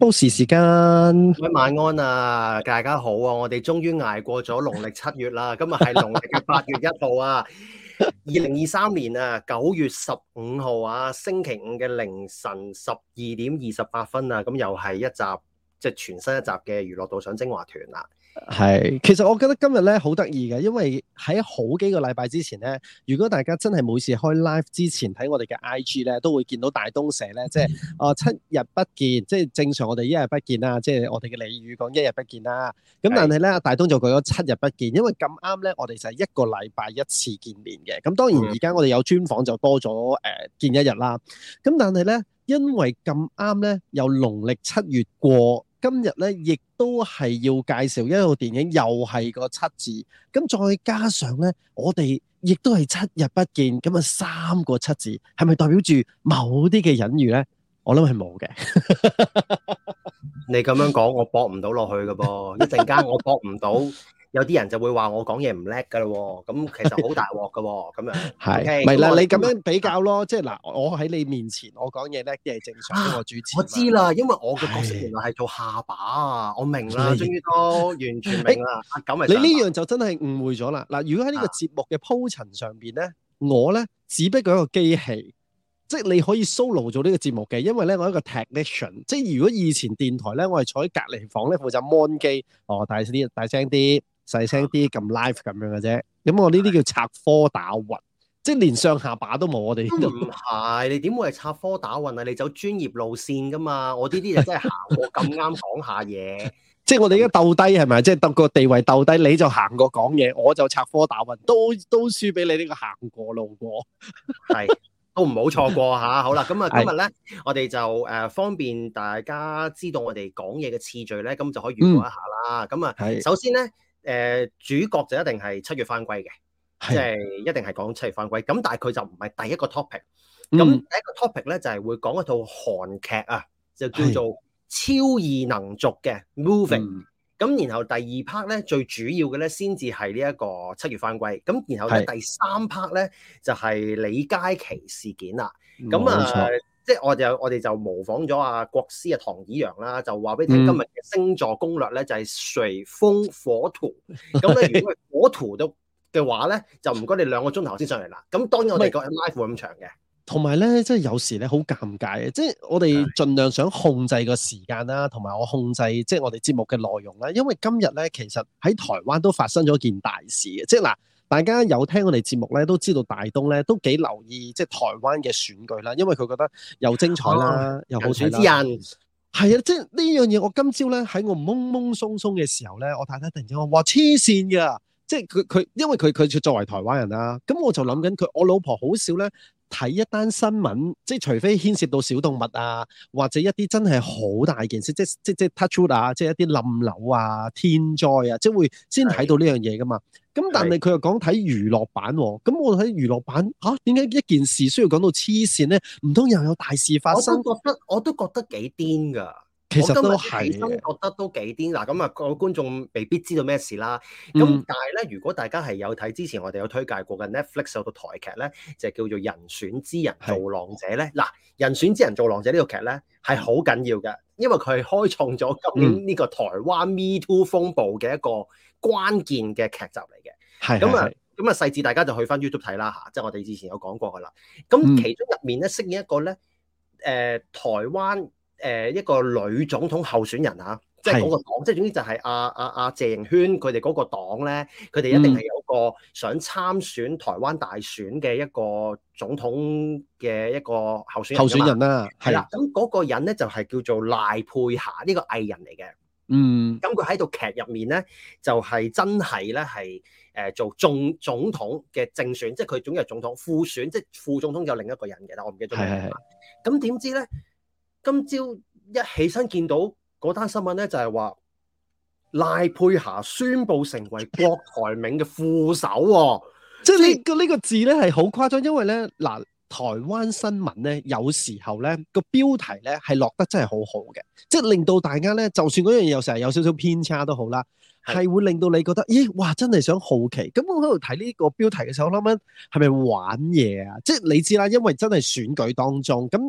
到時時間，喂，晚安啊，大家好啊，我哋終於挨過咗農曆七月啦，今日係農曆嘅八月一號啊，二零二三年啊九月十五號啊，星期五嘅凌晨十二點二十八分啊，咁又係一集即係全新一集嘅娛樂導賞精華團啦。係，其實我覺得今日咧好得意嘅，因為喺好幾個禮拜之前咧，如果大家真係每次開 live 之前睇我哋嘅 IG 咧，都會見到大東寫咧，即係哦七日不見，即係 正常我哋一日不見啦，即、就、係、是、我哋嘅俚語講一日不見啦。咁但係咧，大東就講咗七日不見，因為咁啱咧，我哋就係一個禮拜一次見面嘅。咁當然而家我哋有專訪就多咗誒見一日啦。咁但係咧，因為咁啱咧，有農曆七月過。今日咧亦都係要介紹一部電影，又係個七字，咁再加上咧，我哋亦都係七日不見，咁啊三個七字，係咪代表住某啲嘅隱喻咧？我諗係冇嘅。 你咁樣講，我搏唔到落去嘅噃，一陣間我搏唔到。 有啲人就會話我講嘢唔叻㗎喎，咁其實好大鑊㗎，咁樣係咪啦？你咁樣比較咯，即係嗱，我喺你面前，我講嘢叻嘅係正常嘅主持。我知啦，因為我嘅角色原來係做下巴啊，我明啦，終於都完全明啦。咁咪你呢樣就真係誤會咗啦。嗱，如果喺呢個節目嘅鋪陳上面咧，我咧只不過一個機器，即係你可以 solo 做呢個節目嘅，因為咧我一個 technician 即係如果以前電台咧，我係坐喺隔離房咧負責 mon 機，哦大啲，大聲啲。細聲啲，撳 live 咁樣嘅啫。咁我呢啲叫插科打諢，即係連上下巴都冇。我哋唔係，你點會係插科打諢啊？你走專業路線㗎嘛？我呢啲就真係行過咁啱講下嘢。 即係我哋而家鬥低係咪？即係得個地位鬥低，你就行過講嘢，我就插科打諢，都都輸俾你呢個行過路過。係 都唔好錯過吓、啊。好啦，咁啊，今日咧，是我哋就誒、呃、方便大家知道我哋講嘢嘅次序咧，咁就可以預估一下啦。咁啊、嗯，首先咧。誒、呃、主角就一定係七月返歸嘅，即係是一定係講七月返歸。咁但係佢就唔係第一個 topic、嗯。咁第一個 topic 咧就係、是、會講一套韓劇啊，就叫做《超異能族、嗯》嘅 Moving。咁然後第二 part 咧，最主要嘅咧先至係呢一個七月返歸。咁然後呢是第三 part 咧就係、是、李佳琦事件啦。咁、嗯、啊。即係我哋我哋就模仿咗阿國師啊唐綺陽啦，就話俾你聽今日嘅星座攻略咧，就係隨風火圖。咁咧、嗯、如果係火圖都嘅話咧，就唔該你兩個鐘頭先上嚟啦。咁當然我哋個 life 咁長嘅。同埋咧，即係有時咧好尷尬嘅，即係我哋盡量想控制個時間啦，同埋我控制即係我哋節目嘅內容啦。因為今日咧其實喺台灣都發生咗件大事嘅，即係嗱。大家有聽我哋節目咧，都知道大東咧都幾留意即係台灣嘅選舉啦，因為佢覺得又精彩啦，了又好睇啦。人選之人呀，即係呢樣嘢。我今朝咧喺我懵懵鬆鬆嘅時候咧，我太太突然之間我話黐線噶，即係佢佢因為佢佢作為台灣人啦，咁我就諗緊佢我老婆好少咧。睇一單新聞，即係除非牽涉到小動物啊，或者一啲真係好大件事，即係即即即 touch wood 啊，即係一啲冧樓啊、天災啊，即會先睇到呢樣嘢㗎嘛。咁但係佢又講睇娛，啊、娛樂版，咁我睇娛樂版吓，點解一件事需要講到黐線咧？唔通又有大事發生？我都覺得，我都覺得幾癲㗎。其實都是我都起身覺得都幾癲嗱，咁啊個觀眾未必知道咩事啦。咁、嗯、但係咧，如果大家係有睇之前我哋有推介過嘅 Netflix 有套台劇咧，就係叫做《人選之人造浪者》咧。嗱、嗯，《人選之人造浪者個劇呢》呢套劇咧係好緊要嘅，因為佢係開創咗今年呢個台灣 Me Too 風暴嘅一個關鍵嘅劇集嚟嘅。係咁啊，咁啊細節大家就去翻 YouTube 睇啦吓，即係我哋之前有講過噶啦。咁其中入面咧飾演一個咧誒、嗯呃、台灣。誒、呃、一個女總統候選人嚇、啊，即係嗰個黨，即係是總之就係阿阿阿謝盈軒佢哋嗰個黨咧，佢哋一定係有個想參選台灣大選嘅一個總統嘅一個候選人候選人啦，係啦，咁嗰個人咧就係、是、叫做賴佩霞呢、這個藝人嚟嘅。嗯，咁佢喺度劇入面咧，就係、是、真係咧係誒做總總統嘅正選，即係佢總有係總統副選，即係副總統有另一個人嘅，但我唔記得咗。係係的。咁點知咧？今朝一起身見到嗰單新聞咧，就係話賴佩霞宣布成為郭台銘嘅副手、啊， 即係呢個呢個字咧係好誇張，因為咧嗱，台灣新聞咧有時候咧個標題咧係落得真係好好嘅， 即係令到大家咧，就算嗰樣嘢有時有少少偏差都好啦，係 會令到你覺得，咦、欸，哇，真係想好奇。咁我喺度睇呢個標題嘅時候，我諗緊係咪玩嘢啊？即係你知啦，因為真係選舉當中咁。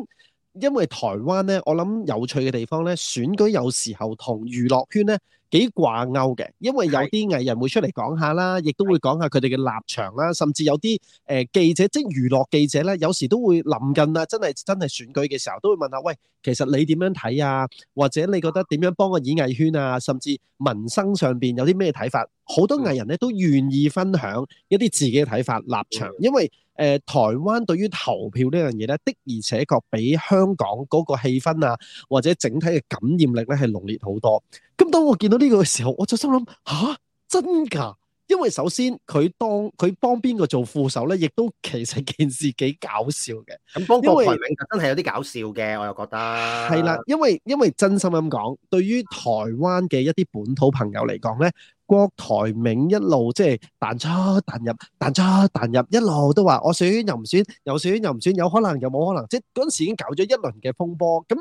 因為台灣呢，我諗有趣嘅地方呢，選舉有時候同娛樂圈呢。幾掛鈎嘅，因為有啲藝人會出嚟講下啦，亦都會講下佢哋嘅立場啦，甚至有啲誒記者，即係娛樂記者咧，有時都會臨近啊，真係真係選舉嘅時候，都會問下喂，其實你點樣睇啊？或者你覺得點樣幫個演藝圈啊？甚至民生上面有啲咩睇法？好多藝人咧都願意分享一啲自己嘅睇法、立場，因為誒台灣對於投票呢樣嘢咧，的而且確比香港嗰個氣氛啊，或者整體嘅感染力咧係濃烈好多。咁當我見到呢個嘅時候，我就心諗吓真㗎？因為首先佢當佢幫邊個做副手咧，亦都其實件事幾搞笑嘅。咁幫郭台銘真係有啲搞笑嘅，我又覺得係啦，因為因為真心咁講，對於台灣嘅一啲本土朋友嚟講咧。郭台銘一路即係彈出彈入彈出彈入，一路都話我選又唔選，又選又唔選，有可能又冇可能，即係嗰陣時已經搞咗一輪嘅風波。咁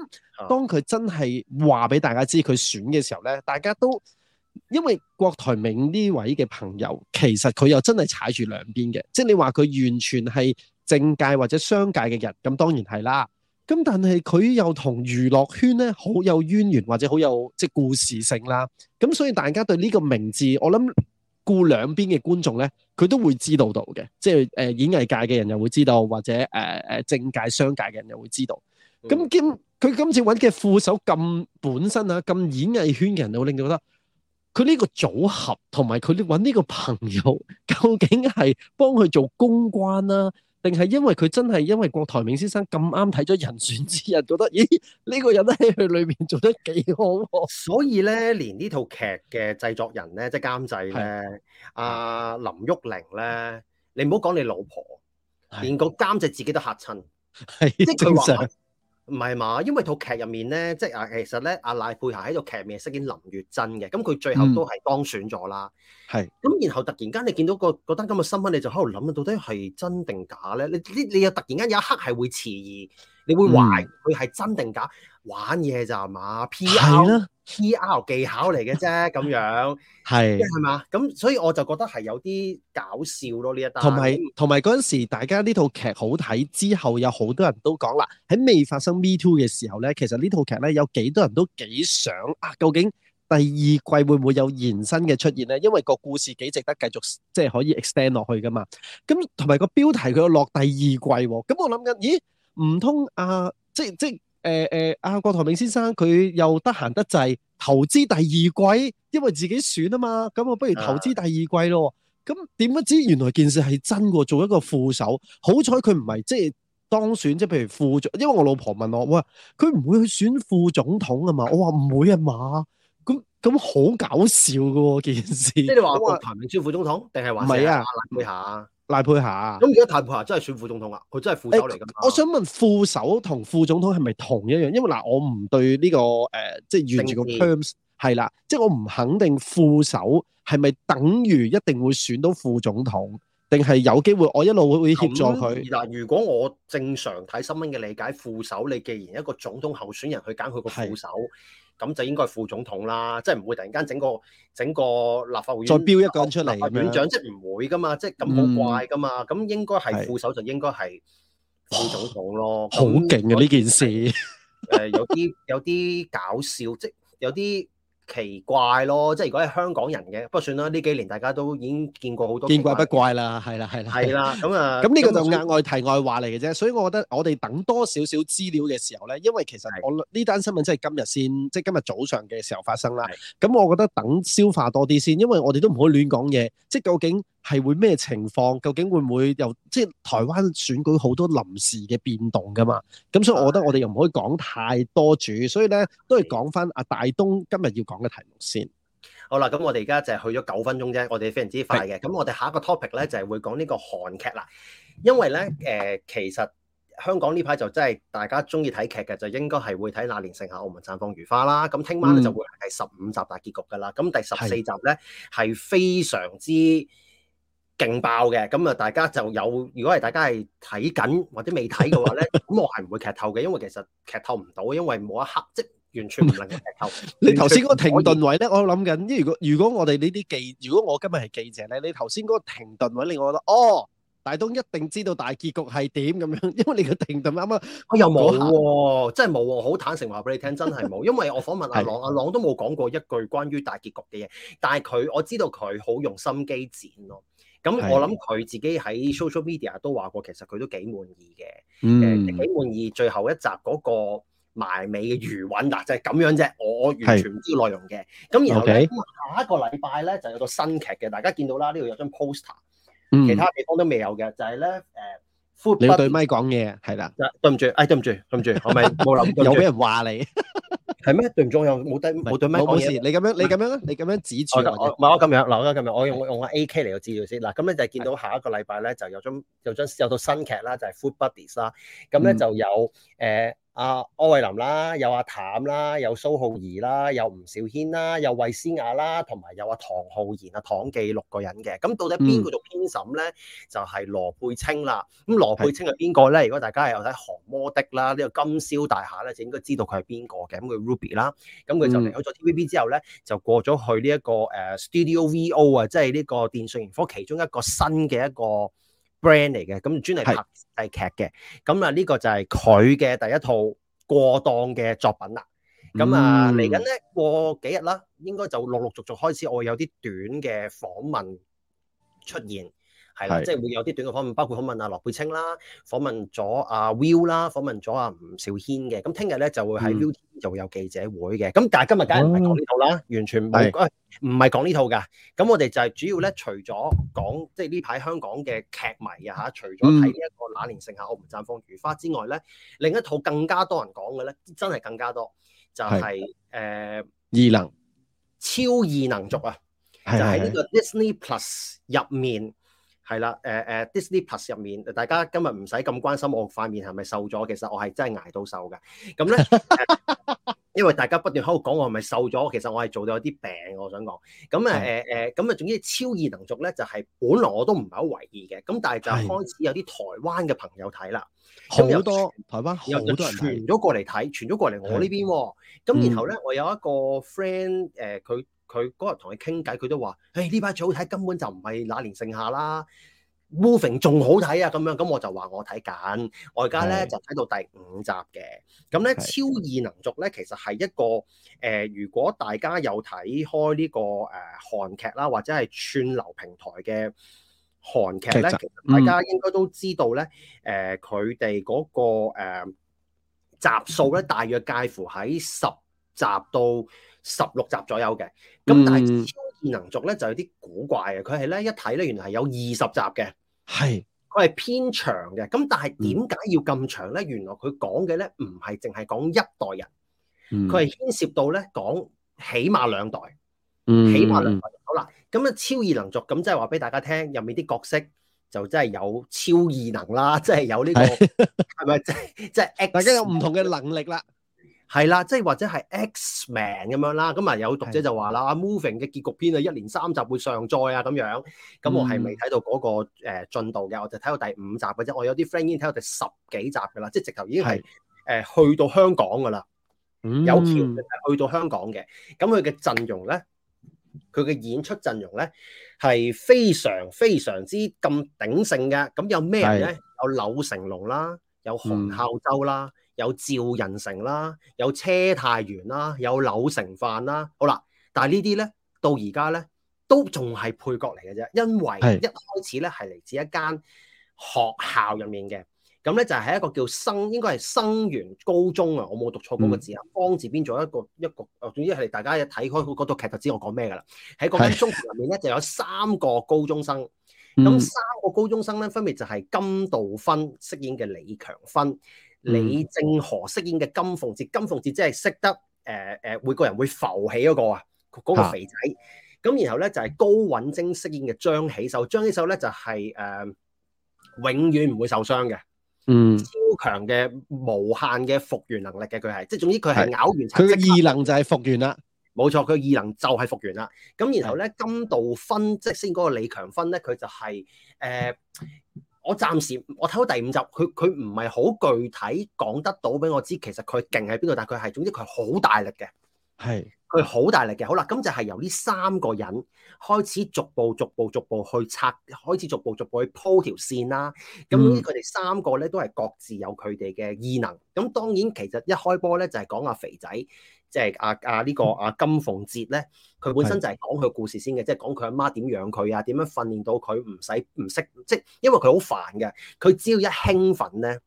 當佢真係話俾大家知佢選嘅時候咧，大家都因為郭台銘呢位嘅朋友，其實佢又真係踩住兩邊嘅，即係你話佢完全係政界或者商界嘅人，咁當然係啦。咁但係佢又同娛樂圈咧好有淵源或者好有即係故事性啦，咁所以大家對呢個名字，我諗顧兩邊嘅觀眾咧，佢都會知道到嘅，即係誒、呃、演藝界嘅人又會知道，或者誒誒、呃、政界商界嘅人又會知道。咁今佢今次揾嘅副手咁本身啊咁演藝圈嘅人，就令到覺得佢呢個組合同埋佢揾呢個朋友，究竟係幫佢做公關啦、啊？定係因為佢真係因為郭台銘先生咁啱睇咗《人選之人》，覺得咦呢、這個人喺佢裏面做得幾好，所以咧連呢套劇嘅製作人咧，即係監製咧，阿的、啊、林玉玲咧，你唔好講你老婆，的連個監製自己都嚇親，係佢話。唔係嘛，因為套劇入面咧，即係啊，其實咧，阿賴佩霞喺度劇面飾演林月珍嘅，咁佢最後都係當選咗啦。係、嗯，咁然後突然間你見到個嗰單咁嘅新聞，你就喺度諗啊，到底係真定假咧？你呢？你又突然間有一刻係會遲疑，你會懷疑佢係真定假？嗯玩嘢咋嘛？P.R. P.R. 技巧嚟嘅啫，咁樣係係嘛？咁所以我就覺得係有啲搞笑咯，呢一單。同埋同埋嗰陣時，大家呢套劇好睇之後，有好多人都講啦，喺未發生 Me Too 嘅時候咧，其實呢套劇咧有幾多人都幾想啊？究竟第二季會唔會有延伸嘅出現咧？因為個故事幾值得繼續，即係可以 extend 落去噶嘛。咁同埋個標題佢有落第二季，咁我諗緊，咦？唔通啊？即係即係。誒誒，阿、欸欸、郭台銘先生佢又得閒得滯，投資第二季，因為自己選啊嘛，咁我不如投資第二季咯。咁點不知原來件事係真過做一個副手，好彩佢唔係即係當選啫。譬如副總，因為我老婆問我，喂，佢唔會去選副總統啊嘛，的我話唔會啊嘛，咁咁好搞笑嘅、啊、件事。即係你話郭台銘選副總統，定係話唔係啊？歸納下賴佩霞，咁而家賴佩霞真係選副總統啊！佢真係副手嚟㗎嘛。我想問副手同副總統係咪同一樣？因為嗱，我唔對呢、呢個誒、呃，即係沿住個 terms 係啦，即係我唔肯定副手係咪等於一定會選到副總統，定係有機會我一路會協助佢。嗱，如果我正常睇新聞嘅理解，副手你既然一個總統候選人去揀佢個副手。咁就應該副總統啦，即係唔會突然間整個整個立法會議，再標一個人出嚟啊！院長即係唔會噶嘛，即係咁好怪噶嘛，咁、嗯、應該係副手就應該係副總統咯。好勁啊！呢那件事，誒、呃、有啲有啲搞笑， 即係有啲。奇怪咯，即係如果係香港人嘅，不過算啦。呢幾年大家都已經見過好多，見怪不怪啦，係啦，係啦，係啦。咁啊，咁呢個就額外題外話嚟嘅啫。所以我覺得我哋等多少少資料嘅時候咧，因為其實我呢單是的 新聞真係今日先，即係今日早上嘅時候發生啦。咁是的 我覺得等消化多啲先，因為我哋都唔可以亂講嘢，即係究竟，係會咩情況？究竟會唔會又即係台灣選舉好多臨時嘅變動噶嘛？咁是的 所以我覺得我哋又唔可以講太多住，所以咧都係講翻阿大東今日要講嘅題目先。好啦，咁我哋而家就係去咗九分鐘啫，我哋非常之快嘅。咁的我哋下一個 topic 咧就係、是、會講呢個韓劇啦。因為咧，誒、呃，其實香港呢排就真係大家中意睇劇嘅，就應該係會睇《那年盛夏我們綻放如花》啦。咁聽晚咧就會係十五集大結局噶啦。咁第十四集咧係的非常之。勁爆嘅，咁啊，大家就有如果係大家係睇緊或者未睇嘅話咧，咁 我係唔會劇透嘅，因為其實劇透唔到，因為冇一刻即完全唔能夠劇透。 你頭先嗰個停頓位咧，我諗緊，如果如果我哋呢啲記，如果我今日係記者咧，你頭先嗰個停頓位，令我覺得，哦，大東一定知道大結局係點咁樣，因為你個停頓啱啱。哎沒有啊，我又冇，真係冇，好坦誠話俾你聽，真係冇，因為我訪問阿朗， 是的 阿朗都冇講過一句關於大結局嘅嘢，但係佢我知道佢好用心機剪咯、啊。咁我諗佢自己喺 social media 都話過，其實佢都幾滿意嘅，誒幾滿意最後一集嗰個埋尾嘅餘韻啦，就係、是、咁樣啫，我完全唔知內容嘅。咁是然後呢，Okay. 下一個禮拜咧，就有個新劇嘅，大家見到啦，呢度有張 poster，、嗯、其他地方都未有嘅，就係、是、咧，誒、呃，你對咪講嘢，係啦，對唔住，哎對唔住，對唔住，我咪冇諗到有俾人話你。係咩？對唔中冇得冇對咩？冇事，你咁樣你咁樣你咁樣指住我，唔係我咁樣嗱，我咁樣我用用個 A K 嚟個資料先嗱，咁咧就見到下一個禮拜咧就有張有張有套新劇啦，就係 Food Buddies 啦，咁咧就有誒。阿、啊、柯煒林啦，有阿譚啦，有蘇浩怡啦，有吳肇軒啦，有衛詩雅啦，同埋有阿、啊、唐浩然啊，唐記六個人嘅，咁到底邊個做編審咧？嗯、就係羅佩清啦。咁羅佩清係邊個咧？是如果大家有睇《降魔的》啦，這個，呢個《金宵大廈》咧，就應該知道佢係邊個嘅。咁佢 Ruby 啦，咁佢就離開咗 TVB 之後咧，嗯、就過咗去呢一個誒 Studio VO 啊，即係呢個電訊盈科其中一個新嘅一個。Brand 嚟嘅，咁專係拍劇嘅，咁啊呢個就係佢嘅第一套過檔嘅作品啦。咁、mm hmm. 啊嚟緊咧，過幾日啦，應該就陸陸續續開始，我有啲短嘅訪問出現。係啦，即係會有啲短嘅訪問，包括訪問阿、啊、羅佩青啦，訪問咗阿 Will 啦，訪問咗阿、啊、吳兆軒嘅。咁聽日咧就會喺 ViuTV 度有記者會嘅。咁、嗯、但係今日梗係唔係講呢套啦，嗯、完全唔唔係講呢套㗎。咁我哋就係主要咧，除咗講即係呢排香港嘅劇迷啊嚇，除咗睇呢一個《那年盛夏我們綻放如花》之外咧，另一套更加多人講嘅咧，真係更加多，就係、是、誒的、呃、異能超異能族啊，是的就喺呢個 Disney Plus 入面。是的是的。係啦，誒誒、呃、Disney Plus 入面，大家今日唔使咁關心我塊面係咪瘦咗，其實我係真係捱到瘦嘅。咁咧， 因為大家不斷喺度講我係咪瘦咗，其實我係做到有啲病我想講。咁誒誒咁啊，總之超異能族咧，就係、是、本來我都唔係好為疑為意嘅，咁但係就開始有啲台灣嘅朋友睇啦，好多的、嗯、台灣，有好多人傳咗過嚟睇，傳咗過嚟我呢邊。咁的然後咧，我有一個 friend 誒，佢、呃。佢嗰日同佢傾偈，佢都話，誒呢排最好睇，根本就唔係那年盛夏啦，Moving 仲好睇啊！咁樣咁我就話我睇緊，我而家咧就睇到第五集嘅。咁咧是的 超異能族咧其實係一個誒、呃，如果大家有睇開呢、這個誒、呃、韓劇啦，或者係串流平台嘅韓劇咧，劇集大家應該都知道咧誒，佢哋嗰個、呃、集數咧大約介乎喺十集到十六集左右嘅，咁但係超異能族咧就有啲古怪嘅，佢係咧一睇咧原來係有二十集嘅，係佢係偏長嘅，咁但係點解要咁長咧？原來佢講嘅咧唔係淨係講一代人，佢係牽涉到咧講起碼兩代，嗯，起碼兩代。好啦，咁啊超異能族咁即係話俾大家聽，入面啲角色就真係有超異能啦，即係有呢個係咪？即係即係 X，大家有唔同嘅能力啦。係啦，即係或者係 Xman 咁樣啦，咁啊有讀者就話啦，的啊 Moving 嘅結局篇啊，一連三集會上載啊咁樣，咁我係未睇到嗰個誒進度嘅。嗯、我就睇到第五集或者我有啲 friend 已經睇到第十幾集噶啦，即係直頭已經係誒的去到香港噶啦，嗯、有條係去到香港嘅。咁佢嘅陣容咧，佢嘅演出陣容咧係非常非常之咁鼎盛嘅。咁有咩咧？的有柳成龍啦，有洪孝洲啦。嗯啊有趙仁成啦，有車太賢啦，有柳承範啦，好啦，但係呢啲咧到而家咧都仲係配角嚟嘅啫，因為一開始咧係嚟自一間學校入面嘅，咁咧就係喺一個叫生應該係生源高中啊，我冇讀錯嗰個字啊，方字邊做一個一個，總之係大家一睇開嗰套劇就知道我講咩噶啦，喺嗰間中學入面咧是的 就有三個高中生，咁三個高中生咧分別就係金道勳飾演嘅李強勳。李正河飾演嘅金鳳節，金鳳節即係識得誒誒、呃呃、每個人會浮起嗰、那個啊，嗰、那個、肥仔。咁、啊、然後咧就係、是、高允晶飾演嘅張起秀，張起秀咧就係、是、誒、呃、永遠唔會受傷嘅，嗯，超強嘅無限嘅復原能力嘅佢係，即係總之佢係咬完就即刻佢嘅異能就係復原啦，冇錯，佢嘅異能就係復原啦。咁然後咧是金道勳，即係飾演嗰個李強勳咧，佢就係、是、誒。呃我暫時我睇到第五集，佢佢唔係好具體講得到俾我知，其實佢勁喺邊度，但係佢係總之佢好大力嘅，係，佢好大力嘅。好啦，咁就係由呢三個人開始逐步逐步逐步去拆，開始逐步逐步去鋪條線啦。咁呢，佢哋三個咧都係各自有佢哋嘅異能。咁當然其實一開波咧就係講阿肥仔。即係阿阿呢個阿金鳳哲咧，佢本身就係講佢故事先嘅，即係講佢阿媽點養佢啊，點樣訓練到佢唔使唔識，即係因為佢好煩嘅，佢只要一興奮咧，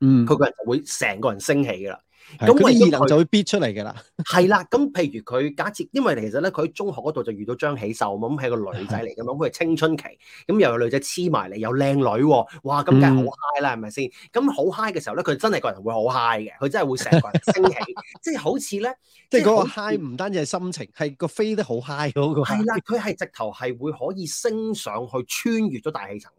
嗯，佢個人就會成個人升起噶啦。咁佢異能就會逼出嚟嘅啦。係啦、嗯，咁譬如佢假設，因為其實咧，佢喺中學嗰度就遇到張喜秀嘛，咁係個女仔嚟㗎嘛，佢係青春期，咁又有女仔黐埋嚟，有靚女喎，哇！咁梗係好 high 啦、嗯，係咪先？咁好 high 嘅時候咧，佢真係個人會好 high 嘅，佢真係會成個人升起，即係 好似咧，即係嗰個 high 唔單止係心情，係個飛得好 high 嗰個 high。係啦，佢係直頭係會可以升上去穿越咗大氣層。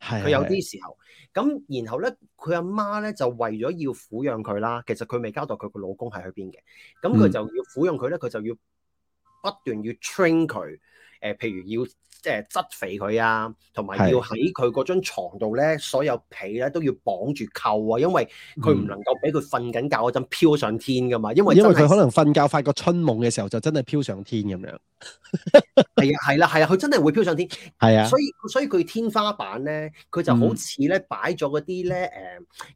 佢有啲時候，咁然後咧，佢阿媽咧就為咗要撫養佢啦，其實佢未交代佢個老公係去邊嘅，咁佢就要撫養佢咧，佢就要不斷要 train 佢。誒、呃，譬如要即係擠肥佢啊，同埋要喺佢嗰張牀度咧，所有被咧都要綁住扣啊，因為佢唔能夠俾佢瞓緊覺嗰陣飄上天㗎嘛，因為因為佢可能瞓覺發個春夢嘅時候就真係飄上天咁樣。係 啊，係啦，係啊，佢、啊、真係會飄上天，係啊所，所以所以佢天花板咧，佢就好似咧擺咗嗰啲咧，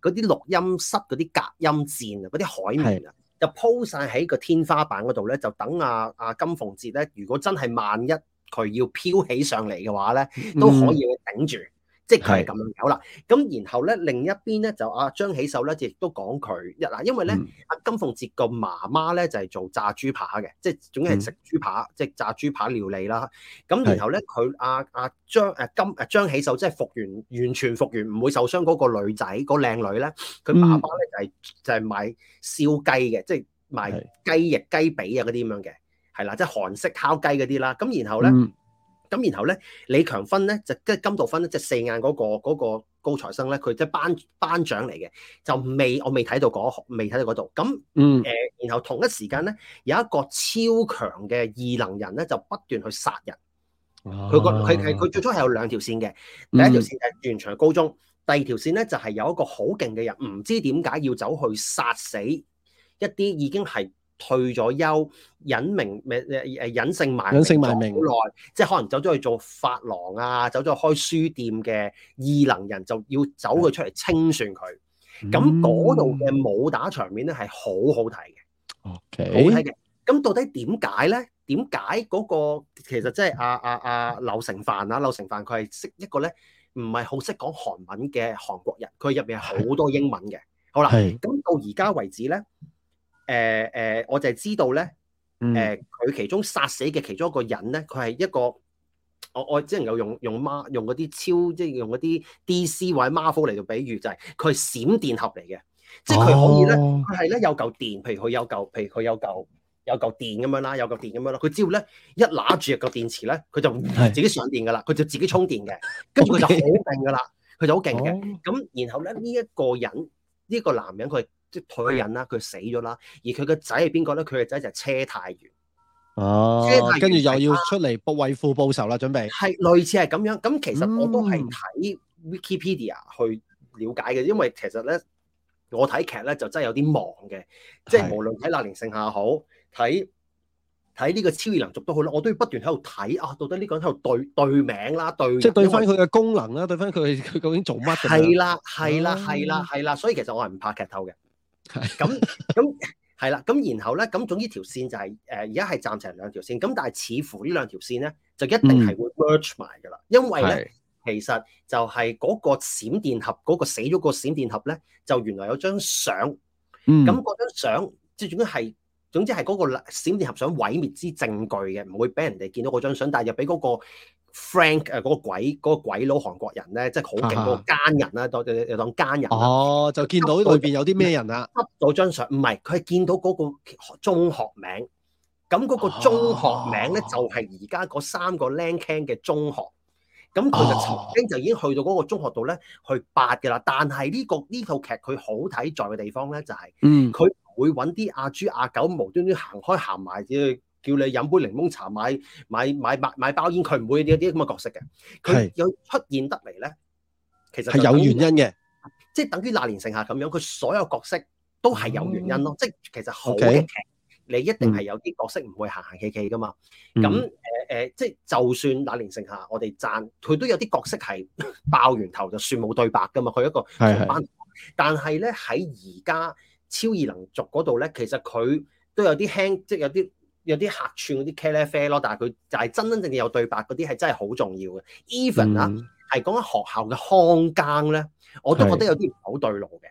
誒嗰啲錄音室嗰啲隔音墊啊，嗰啲海綿啊，是就鋪晒喺個天花板嗰度咧，就等阿阿金鳳節咧，如果真係萬一。佢要飄起上嚟嘅話咧，都可以去頂住，嗯、即係佢係咁樣有啦。咁是然後咧，另一邊咧就阿張喜壽咧，亦都講佢一啊，因為咧阿、嗯、金鳳哲個媽媽咧就係、是、做炸豬扒嘅，即係總之係食豬扒，嗯、即係炸豬扒料理啦。咁然後咧，佢阿阿張誒金誒張喜壽，即係復原完全復原唔會受傷嗰個女仔，嗰個靚女咧，佢媽媽咧就係就係賣燒雞嘅，是即係賣雞翼、雞髀啊嗰啲咁樣嘅。係啦，即係韓式烤雞嗰啲啦。咁然後咧，咁、嗯、然後咧，李強分咧就即係金道分咧，即係四眼嗰個嗰個高材生咧，佢即係班班長嚟嘅，就未我未睇到嗰，未睇到嗰度。咁誒、嗯呃，然後同一時間咧，有一個超強嘅異能人咧，就不斷去殺人。佢個佢佢佢最初係有兩條線嘅，第一條線係完場高中，嗯、第二條線咧就係、是、有一個好勁嘅人，唔知點解要走去殺死一啲已經係。退咗休，隱名咩？誒誒，隱姓埋名好耐，即係可能走咗去做髮廊啊，走咗去開書店嘅異能人，就要走佢出嚟清算佢。咁嗰度嘅武打場面咧係好好睇嘅 Okay 好睇嘅，好睇嘅。咁到底點解咧？點解嗰個其實即係啊啊啊劉成範啊？劉成範佢係識一個咧，唔係好識講韓文嘅韓國人，佢入面係好多英文嘅。好啦，咁到而家為止咧。誒誒、呃呃，我就係知道咧，誒、呃、佢其中殺死嘅其中一個人咧，佢係一個，嗯、我我只能夠用用馬用嗰啲超即係用嗰啲 DC 或者 Marvel 嚟做比喻，就係佢係閃電俠嚟嘅，即係佢可以咧，佢係咧有嚿電，譬如佢有嚿，譬如佢有嚿有嚿電咁樣啦，有嚿電咁樣啦。佢只要咧一拿住嚿電池咧，佢就自己上電噶啦，佢是 就自己充電嘅，跟住佢就好勁噶啦，佢 okay 就好勁嘅。咁、哦、然後咧呢一、這個人呢、這個男人佢。即係退人啦，佢死咗啦，而佢嘅仔係邊個咧？佢嘅仔就係車太元哦，跟住又要出嚟報為父報仇啦，準備係類似係咁樣。咁其實我都係睇 Wikipedia 去了解嘅，嗯、因為其實咧我睇劇咧就真係有啲忙嘅，是即係無論睇《那年盛夏》好睇，睇呢個超異能族都好啦，我都要不斷喺度睇啊，到底呢個人喺度對對名啦，對即係對翻佢嘅功能啦，為對翻佢佢究竟做乜嘅？係啦，係啦，係啦，係啦，所以其實我係唔怕劇透嘅。咁咁係啦，咁 然後咧，咁總之條線就係誒而家係暫時兩條線，咁但係似乎呢兩條線咧就一定係會 merge 埋噶啦，嗯、因為咧是其實就係嗰個閃電俠嗰、嗰個死咗個閃電俠咧，就原來有張相，咁嗰、嗯、張相即係，總之係嗰個閃電俠想毀滅之證據嘅，唔會俾人哋見到嗰張相，但係又俾嗰、嗰個。Frank 誒嗰個鬼嗰、那個、鬼佬韓國人咧，即係好勁個奸人啦，當、啊、又當奸人。哦，就見到裏邊有啲咩人啦，執到張相，唔係佢係見到嗰個中學名，咁、那、嗰個中學名咧就係而家嗰三個 Langcan 嘅中學，咁佢就曾經就已經去到嗰個中學度咧去八嘅啦。但係呢、這個呢套劇佢好睇在嘅地方咧就係，嗯，佢會揾啲阿豬阿狗無端端行開行埋嘅。叫你飲杯檸檬茶，買買買買買包煙，佢唔會呢啲咁嘅角色嘅。佢有出現得嚟咧，其實係有原因嘅，等因即等於《那年盛夏》咁樣，佢所有角色都係有原因咯。嗯、即其實好嘅劇 Okay? 你一定係有啲角色唔會行行企企噶嘛。咁、嗯呃、即就算《那年盛夏》，我哋讚佢都有啲角色係爆完頭就算冇對白噶嘛。佢一個上班是是，但係咧喺而家《在在超異能族》嗰度咧，其實佢都有啲輕，即有啲。有啲客串嗰啲茄喱啡咯，但係佢就係真真正正有對白嗰啲係真係好重要嘅。Even 啊，係講緊學校嘅看更咧，我都覺得有啲唔好對路嘅。的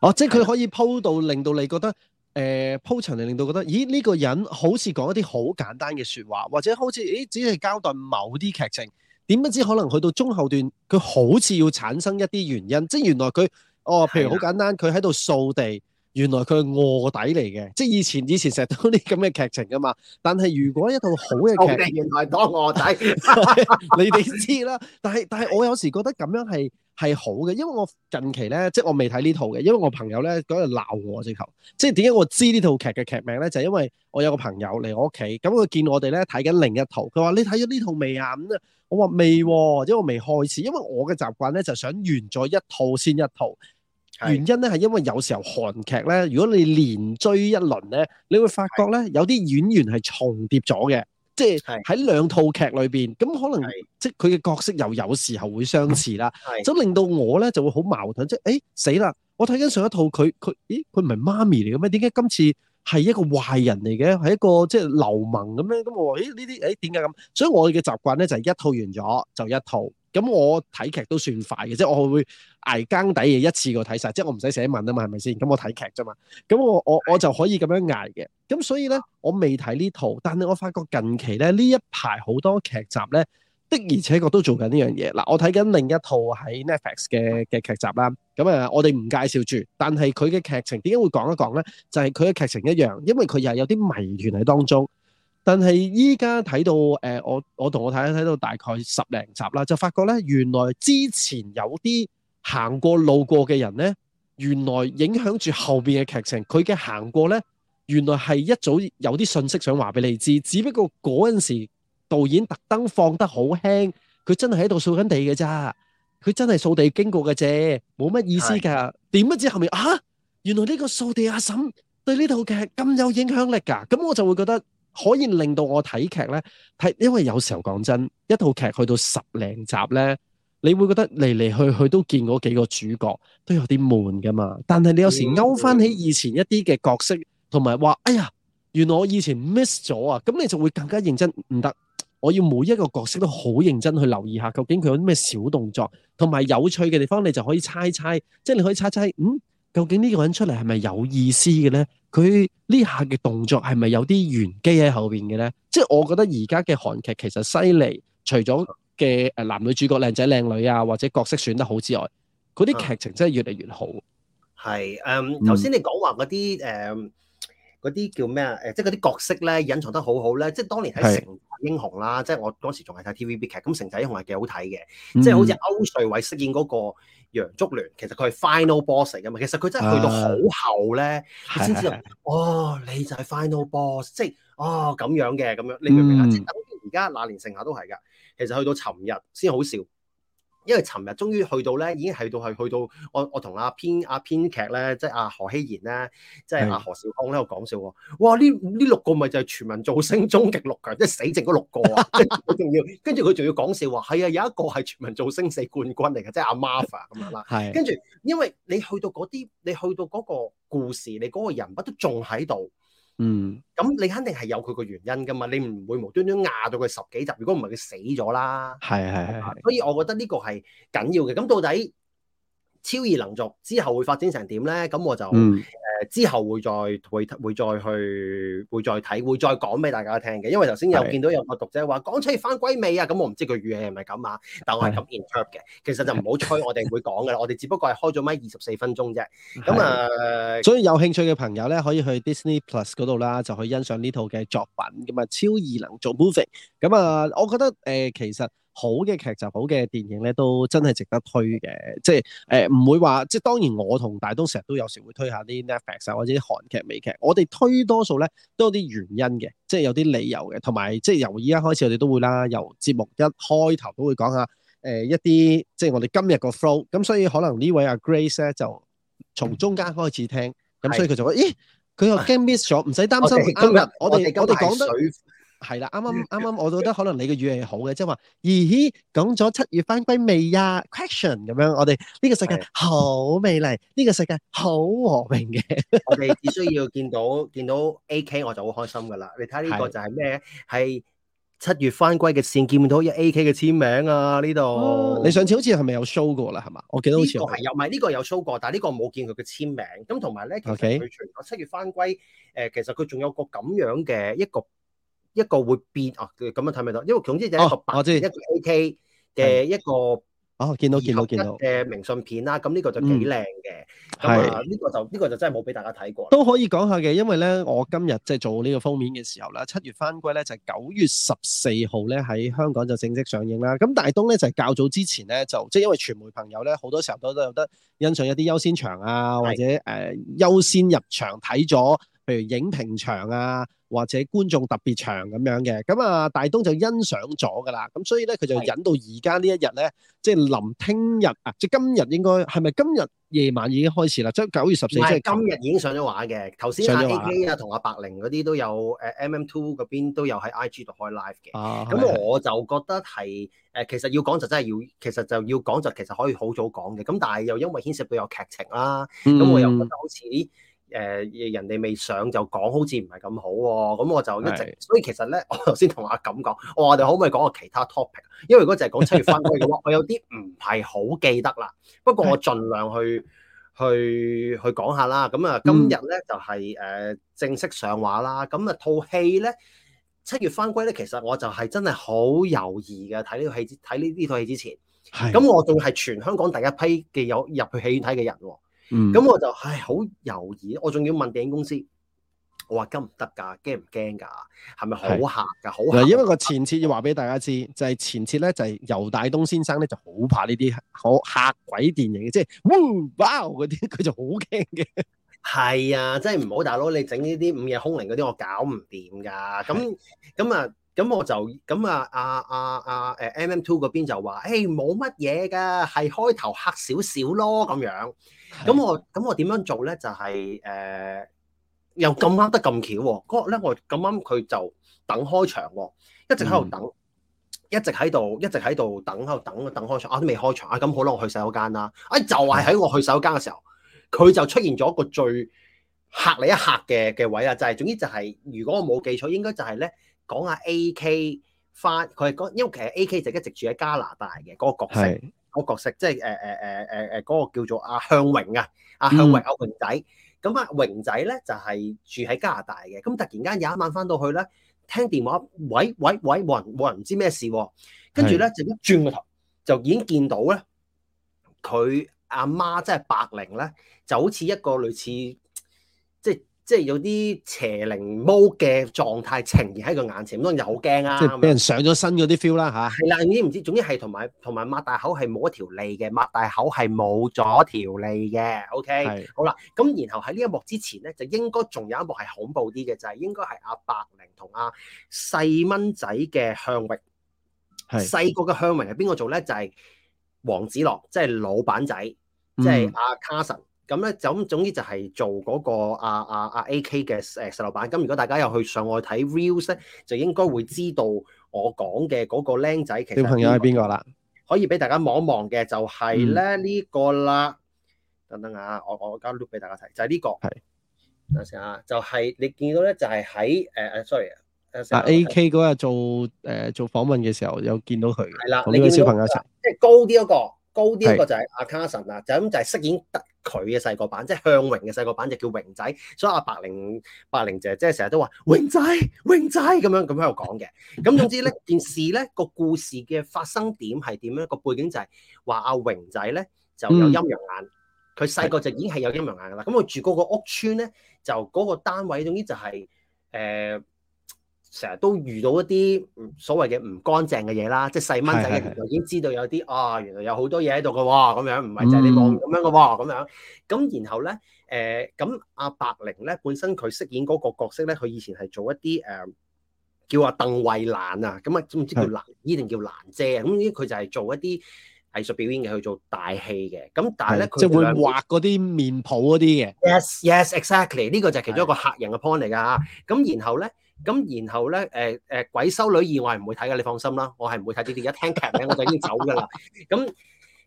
哦，即係佢可以鋪到令到你覺得，誒、呃、鋪陳令到覺得，咦呢、呢個人好似講一啲好簡單嘅説話，或者好似誒只係交代某啲劇情，點不知可能去到中後段，佢好似要產生一啲原因，即係原來佢，哦，譬如好簡單，佢喺度掃地。原來佢係臥底嚟嘅，即係以前以前成日都啲咁嘅劇情㗎嘛。但係如果一套好嘅劇，原來當臥底， 你哋知啦。但係但係我有時覺得咁樣係係好嘅，因為我近期咧，即係我未睇呢套嘅，因為我朋友咧嗰日鬧我隻頭，即係點解我知呢套劇嘅劇名咧？就係、是、因為我有個朋友嚟我屋企，咁佢見我哋咧睇緊另一套，佢話你睇咗呢套未啊？咁啊，我話未、哦，因為我未開始，因為我嘅習慣咧就是、想完咗一套先一套。原因咧係因為有時候韓劇咧，如果你連追一輪咧，你會發覺咧是的 有啲演員係重疊咗嘅，即係喺兩套劇裏邊，咁可能是的 即係佢嘅角色又有時候會相似啦，咁是的 令到我咧就會好矛盾，即係誒死啦！我睇緊上一套佢佢，咦佢唔係媽咪嚟嘅咩？點解今次？係一個壞人嚟嘅，係一個即係流氓咁樣。咁我話，誒呢啲，誒點解咁？所以我嘅習慣咧就係一套完咗就一套。咁我睇劇都算快嘅，即係我會挨更底嘢，一次過睇晒，即係我唔使寫文啊嘛，係咪先？咁我睇劇啫嘛，咁我我我就可以咁樣挨嘅。咁所以咧，我未睇呢套，但係我發覺近期咧呢呢一排好多劇集咧。的而且確都做緊呢樣嘢嗱，我睇緊另一套喺 Netflix 嘅嘅劇集啦，咁啊，我哋唔介紹住，但係佢嘅劇情點解會講一講呢？就係佢嘅劇情一樣，因為佢又有啲謎團喺當中。但係依家睇到誒、呃，我我同我太太睇到大概十零集啦，就發覺呢，原來之前有啲行過路過嘅人呢，原來影響住後邊嘅劇情。佢嘅行過呢，原來係一早有啲信息想話俾你知，只不過嗰陣時，導演特登放得好輕，佢真係喺度掃緊地㗎。咋，佢真係掃地經過㗎啫，冇乜意思㗎。點不知後面啊，原來呢個掃地阿嬸對呢套劇咁有影響力㗎。啊，咁我就會覺得可以令到我睇劇呢。睇，因為有時候講真，一套劇去到十零集呢，你會覺得嚟嚟去去都見嗰幾個主角都有啲悶㗎嘛。但係你有時候勾翻起以前一啲嘅角色，同埋話，哎呀，原來我以前 miss 咗啊，咁你就會更加認真唔得。我要每一個角色都好認真去留意下，究竟佢有啲咩小動作，同埋有，有趣嘅地方，你就可以猜猜，即係你可以猜猜，嗯，究竟呢個人出嚟係咪有意思嘅呢？佢呢下嘅動作係咪有啲玄機喺後面嘅呢？即係我覺得而家嘅韓劇其實犀利，除咗嘅誒男女主角靚仔靚女啊，或者角色選得好之外，嗰啲劇情真係越嚟越好。係誒，頭先你講話嗰啲嗰啲叫咩？誒，即係嗰啲角色咧，隱藏得好好咧。即係當年睇《城寨英雄》啦，是即係我當時仲係睇 TVB 劇，咁《城寨英雄》係幾、嗯、好睇嘅。即係好似歐瑞偉飾演嗰個楊竹聯，其實佢係 final boss 嚟嘅嘛。其實佢真係去到好後咧，你先、啊、知道的哦，你就係 final boss，即係哦咁樣嘅咁樣。你明唔明啊？嗯、即係等於而家那年盛夏都係噶。其實去到尋日先好笑。因為尋日終於去到咧，已經去到係去到我我同阿編阿編劇咧，即係、啊、阿何熙賢咧，即係、啊、阿何小光喺度講笑，哇！呢呢六個咪就係、是、全民造星終極六強，即係死剩嗰六個啊，好重要。跟住佢仲要講笑話，係啊，有一個係全民造星四冠軍嚟嘅，即係阿 Marf 咁樣啦。係， 跟住因為你去到嗰啲，你去到嗰個故事，你嗰個人物都仲喺度。嗯，咁你肯定係有佢個原因噶嘛，你唔會無端端壓到佢十幾集，如果唔係佢死咗啦。係係係係。所以我覺得呢個係緊要嘅。咁到底，超異能族之後會發展成點咧？咁我就誒、嗯、之後會再會會再去會再睇會再講俾大家聽嘅。因為頭先有見到有個讀者話講的出嚟返歸味啊！咁我唔知佢語氣係咪咁啊，但我係咁 interpret 嘅。是的其實就唔好吹， 我哋會講嘅啦。我哋只不過係開咗咪二十四分鐘啫。咁的啊，所以有興趣嘅朋友咧，可以去 Disney Plus 嗰度啦，就去欣賞呢套嘅作品咁啊。超異能族 movie 咁啊，我覺得誒、呃、其實。好嘅劇集、好嘅電影咧，都真係值得推嘅，即係誒唔會話，即係當然我同大東成日都有時會推一下啲 Netflix 啊，或者啲韓劇、美劇。我哋推多數咧都有啲原因嘅，即係有啲理由嘅，同埋即係由依家開始我哋都會啦，由節目一開頭都會講下誒、呃、一啲即係我哋今日個 flow。咁所以可能這位呢位阿 Grace 咧就從中間開始聽，咁、嗯、所以佢就話：的咦，佢個 game miss 咗，唔使、嗯、擔心。Okay, 了今日我哋們我哋們講得。係啦，啱啱啱啱，剛剛剛剛我覺得可能你嘅語氣好嘅，即係話咦，咦，講咗七月返歸未啊？Question 咁樣，我哋呢個世界好美麗，呢的個世界好和平嘅。我哋只需要見到 見到 A K，我就好開心噶啦。你睇下呢個就係咩？係的七月返歸嘅線，見唔到有 A K 嘅簽名啊？呢度、哦、你上次好似係咪有 show 過啦？係嘛？我記得好似係有，唔係呢個有，這個、有 show 過，但係呢個冇見佢嘅簽名咁。同埋咧，其實七月返歸 Okay.、呃，其實佢仲有個咁樣嘅一個。一個會變哦，咁、啊、樣睇咪得？因為總之就一個白、哦、一個 A K 嘅一個哦，見到見到見到嘅明信片啦，咁呢、嗯、個就幾靚嘅係，呢、嗯、個就呢、這個就真係冇俾大家睇過。都可以講下嘅，因為咧我今日即係做呢個封面嘅時候咧，七月返歸咧就係九月十四號咧喺香港就正式上映啦。咁大東咧就係較早之前咧就即係、就是、因為傳媒朋友咧好多時候都都有得欣賞一啲優先場啊，或者誒是、呃、優先入場睇咗。譬如影評場啊，或者觀眾特別場咁樣嘅，咁啊大東就欣賞咗噶啦，咁所以咧佢就引到而家呢一是日咧，即係臨聽日啊，即今日應該係咪今日夜晚已經開始啦？即係九月十四即係今日已經上咗畫嘅，頭先 A K 啊同阿白靈嗰啲都有 M M Two 嗰邊都有喺 I G 度開 live 嘅，咁、啊、我就覺得係其實要講就真係要，其實就要講就其實可以好早講嘅，咁但係又因為牽涉到有劇情啦、啊，咁、嗯、我又覺得好似。誒、呃、人哋未上就講，好似唔係咁好喎、啊。咁我就一直，是所以其實咧，我頭先同阿感講，我話我哋可唔可以講個其他 topic？因為如果就係講七月返歸嘅話， 我有啲唔係好記得啦。不過我盡量去是去去講下啦。咁啊，今日咧、嗯、就係、是、誒、呃、正式上畫啦。咁啊，套戲咧七月返歸咧，其實我就係真係好猶豫嘅。睇呢套戲，睇呢呢套戲之前，咁是我仲係全香港第一批嘅有入去戲院睇嘅人、啊。咁、嗯、我就唉好猶豫。我仲要問電影公司，我話得唔得㗎，驚唔驚㗎？係咪好嚇㗎？好的嚇！嗱，因為個前設要話俾大家知，就係、是、前設咧就係、是、游大東先生咧就好怕呢啲好嚇鬼電影嘅，即係嗚哇嗰啲，佢就好驚嘅。係啊的，即係唔好，大佬你整呢啲午夜凶鈴嗰啲，我搞唔掂㗎。咁咁啊～咁我就咁啊，啊啊，啊 MM Two 嗰邊就話：誒冇乜嘢㗎，係開頭嚇少少咯咁樣。咁係啊我咁我點樣做咧？就係，誒，又咁啱得咁巧，嗰個咧我咁啱佢就等開場喎，一直喺度等，嗯，一直喺度一直喺度等喺度等等開場啊！都未開場啊！咁好啦，我去洗手間啦。哎，就係喺我去洗手間嘅時候，佢就出現咗一個最嚇你一嚇嘅嘅位啊！就係，總之就係，如果我冇記錯，應該就係咧。講下 A.K. 翻佢係講，因為其實 A.K. 就一直住喺加拿大嘅嗰、那個角色，嗰是個角色即係誒誒誒誒誒嗰個叫做阿向榮啊，阿向榮阿、呃、榮仔。咁啊，榮仔咧就係、是、住喺加拿大嘅。咁突然間有一晚翻到去咧，聽電話，喂喂喂，冇人冇人，唔知咩事、啊。跟住咧就一轉個頭，就已經見到咧佢阿媽，即係白靈咧，就好似一個類似。即係有啲邪靈毛嘅狀態呈現喺佢眼前咁樣，又驚啊！即係俾人上咗身嗰啲 feel 啦。嚇。係啦，已經唔知，總之係同埋同埋擘大口係冇一條脷嘅，擘大口係冇咗條脷嘅。OK，是好啦，咁然後喺呢一幕之前咧，就應該仲有一幕係恐怖啲嘅，就係、是、應該係阿白靈同阿細蚊仔嘅向榮。係細個嘅向榮係邊個做咧？就係、是、黃子樂，即、就、係、是、老闆仔，即係阿 Carson。嗯咁咧，咁總之就係做嗰個、啊啊啊、AK 嘅誒十六版。咁如果大家又去上外睇 reels 咧，就應該會知道我講嘅嗰個僆仔。其實小朋友係邊個啦？可以俾大家望一望嘅就係咧呢個啦。嗯、等等啊，我我而家 look 俾大家睇，就係、是、呢、呢個。係是。等陣先啊，就係你見到咧，就係喺誒，sorry，阿 AK 嗰日做誒、呃、做訪問嘅時候有見到佢嘅。係啦，同呢個小朋友一齊。即係高啲嗰個。高啲一,一個就係阿 Carson 啦，就咁就係飾演得佢嘅細個版，即係向榮嘅細個版就叫榮仔，所以阿白玲白玲姐即係成日都話榮仔榮仔咁樣咁喺度講嘅。咁總之呢件事咧個故事嘅發生點係點樣？個背景就係話阿榮仔咧就有陰陽眼，佢細個就已經係有陰陽眼噶啦。咁佢住嗰個屋村咧，就嗰個單位總之就係、是、誒。呃成日都遇到一啲所謂嘅唔乾淨嘅嘢啦，即係細蚊仔嘅時候已經知道有啲啊是、哦，原來有好多嘢喺度嘅喎，咁樣唔係就係你望咁、嗯、樣嘅喎，咁樣咁然後咧，誒咁阿白玲咧本身佢飾演嗰個角色咧，佢以前係做一啲誒、呃、叫阿鄧慧蘭啊，咁啊唔知叫蘭姨是是 定叫蘭姐啊，咁佢就係做一啲藝術表演嘅，去做大戲嘅，咁但係咧，佢是會畫嗰啲面譜嗰啲嘅。Yes, yes, exactly，呢個就係其中一個客人嘅 point 嚟㗎嚇。咁是是 然後咧。咁然後咧，誒、呃、誒鬼修女二我係唔會睇嘅，你放心啦，我係唔會睇呢啲。一聽劇名我就已經走噶啦。咁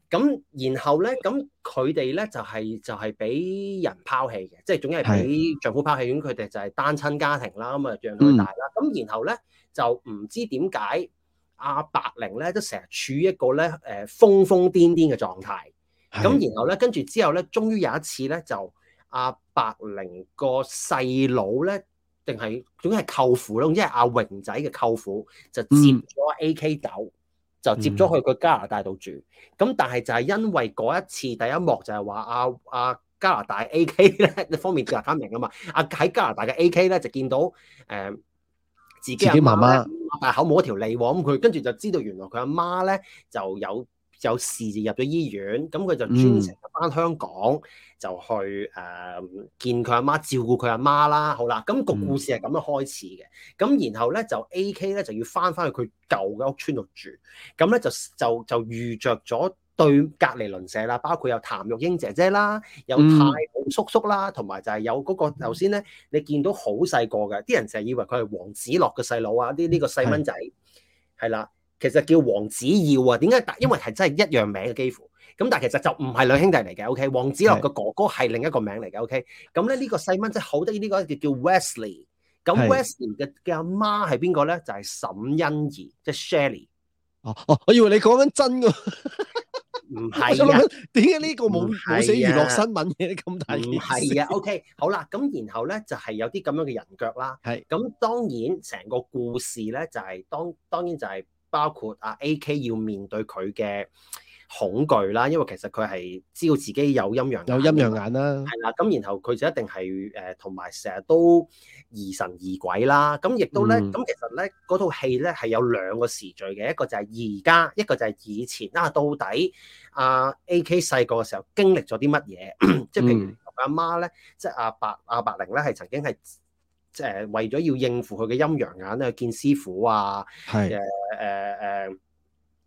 咁 然後咧，咁佢哋咧就係、是、就係、是、俾人拋棄嘅，即係總之係俾丈夫拋棄，咁佢哋就係單親家庭啦。咁啊，養到大啦。咁然後咧就唔知點解阿白玲咧都成日處於一個咧誒、呃、瘋瘋癲癲嘅狀態。咁的然後咧跟住之後咧，終於有一次咧就阿、啊、白玲個細佬咧。定係總之係舅父咯，總之係阿榮仔嘅舅父就接咗 A.K. 走、嗯，就接咗去個加拿大度住。咁、嗯、但係就係因為嗰一次第一幕就係話阿阿加拿大 A.K. 咧呢方面揭翻人啊嘛，阿喺加拿大嘅 A.K. 咧就見到誒、呃、自己媽媽大口冇一條脷喎、哦，咁佢跟住就知道原來佢阿媽咧就有。有事就入咗醫院，咁佢就專程翻香港、嗯、就去誒、呃、見佢阿媽，照顧佢阿媽啦。好啦，咁個故事係咁樣開始嘅。咁、嗯、然後咧就 A K 咧就要翻翻去佢舊嘅屋村度住。咁咧就就就遇着咗對隔離鄰舍啦，包括有譚玉英姐姐啦，有太保叔叔啦，同埋、嗯、就係有嗰個頭先咧你見到好細個嘅，啲人成日以為佢係黃子樂嘅細佬啊，呢、這、呢個細蚊仔係啦。是其實叫王子耀啊，點解？但因為係真係一樣名嘅，幾乎咁，但係其實就唔係兩兄弟嚟嘅。O、OK? K，王子樂嘅哥哥係另一個名嚟嘅。O K，咁咧呢個細蚊真係好得意，呢、這個叫叫 Wesley。咁 Wesley 嘅嘅阿媽係邊個咧？就係、是、沈欣怡，即、就、係、是、Shelly。哦哦，我以為你講緊真噶，唔 係啊？點解呢個冇冇寫娛樂新聞嘅咁大件事唔係啊。O、OK, K，好啦，咁然後咧就係有啲咁樣嘅人腳啦。係咁、就是，當然成個故事咧就係當當然就係。包括阿 A.K. 要面對佢嘅恐懼啦，因為其實佢係知道自己有陰陽有陰陽眼啦，係啦。咁然後佢就一定係誒，同埋成日都疑神疑鬼啦。咁亦都咧，咁、嗯、其實咧嗰套戲咧係有兩個時序嘅，一個就係而家，一個就係以前。啊，到底阿、啊、A.K. 細個嘅時候經歷咗啲乜嘢？即係譬如我阿媽咧，即係阿白阿白玲咧，係曾經係。誒、呃，為咗要應付佢嘅陰陽眼、啊、咧，去見師傅啊，誒誒誒，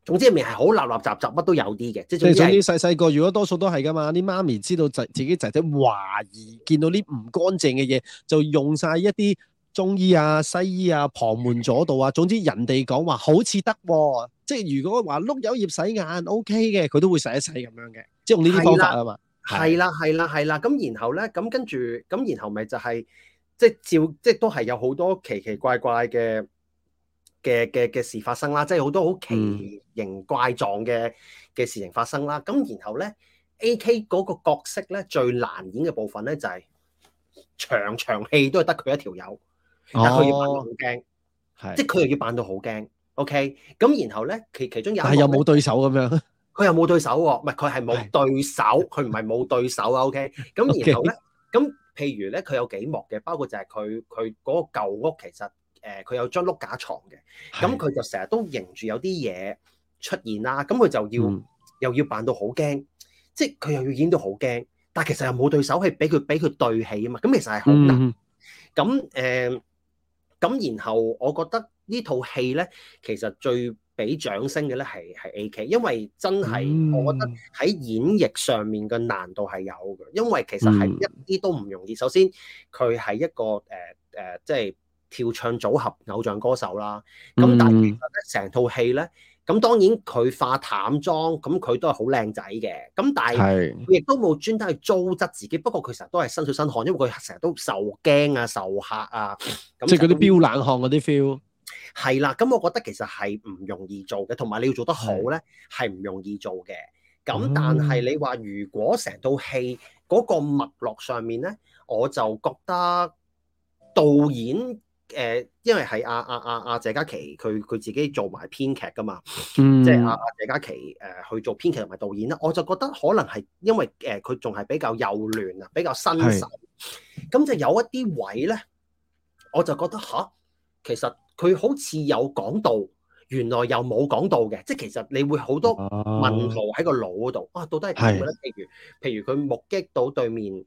總之入面係好立立雜雜，乜都有啲嘅。即係總之細細個，如果多數都係噶嘛，啲媽咪知道仔自己仔仔懷疑，見到啲唔乾淨嘅嘢，就用晒一啲中醫啊、西醫啊、旁門左道啊，總之人哋講話好似得喎。即係如果話碌柚葉洗眼 OK 嘅，佢都會洗一洗咁樣嘅，即係用呢啲方法啊嘛。係啦的，係啦，係啦。咁然後咧，咁跟住，咁然後咪就係、是。即係照，即係都係有好多奇奇怪怪嘅嘅嘅嘅事發生啦，即係好多好奇形怪狀嘅嘅事情發生啦。咁然後咧，A K 嗰個角色咧最難演嘅部分咧就係場場戲都係得佢一條友，但係佢要扮到好驚，即係佢又要扮到好驚。O K，咁然後咧，其其中也係又冇對手咁樣，佢又冇對手喎，唔係佢係冇對手，佢唔係冇對手啦。O K，咁然後咧。咁，譬如咧，佢有幾幕嘅，包括就係佢佢嗰個舊屋，其實誒佢、呃、有張碌架床嘅，咁佢的就成日都迎住有啲嘢出現啦，咁佢就要、嗯、又要扮到好驚，即係佢又要演到好驚，但係其實又冇對手戲俾佢俾佢對戲啊嘛，咁其實係好難。咁誒、嗯嗯，咁、呃、然後我覺得呢套戲咧，其實最～俾掌聲嘅咧係係 AK，因為真係我覺得喺演繹上面嘅難度係有嘅，嗯、因為其實係一啲都唔容易。嗯、首先佢係一個誒誒即係跳唱組合偶像歌手啦，咁但係其實咧成套戲咧，咁當然佢化淡妝，咁佢都係好靚仔嘅，咁但係亦都冇專登去糟質自己。是不過佢成日都係身水身汗，因為佢成日都受驚啊、受嚇啊，即係嗰啲飆冷汗嗰啲 feel。係啦，咁我覺得其實係唔容易做嘅，同埋你要做得好咧，係唔容易做嘅。咁的但係你話如果成套戲嗰、那個脈絡上面咧，我就覺得導演誒、呃，因為係阿阿阿阿謝嘉琪佢佢自己做埋編劇噶嘛，即係阿阿謝嘉琪誒去做編劇同埋導演啦，我就覺得可能係因為誒佢仲係比較幼嫩啊，比較新手，咁的就有一啲位咧，我就覺得吓，其實。佢好似有講到，原來又冇講到嘅，即係其實你會好多問號喺個腦度。哦、啊，到底係點咧？譬如譬如佢目擊到對面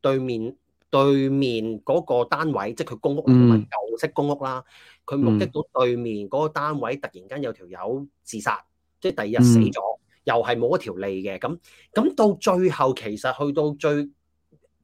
對面對面嗰個單位，即係佢公屋同埋舊式公屋啦。佢、嗯、目擊到對面嗰個單位、嗯、突然間有條友自殺，即係第二日死咗，嗯、又係冇一條脷嘅。咁咁到最後，其實去到最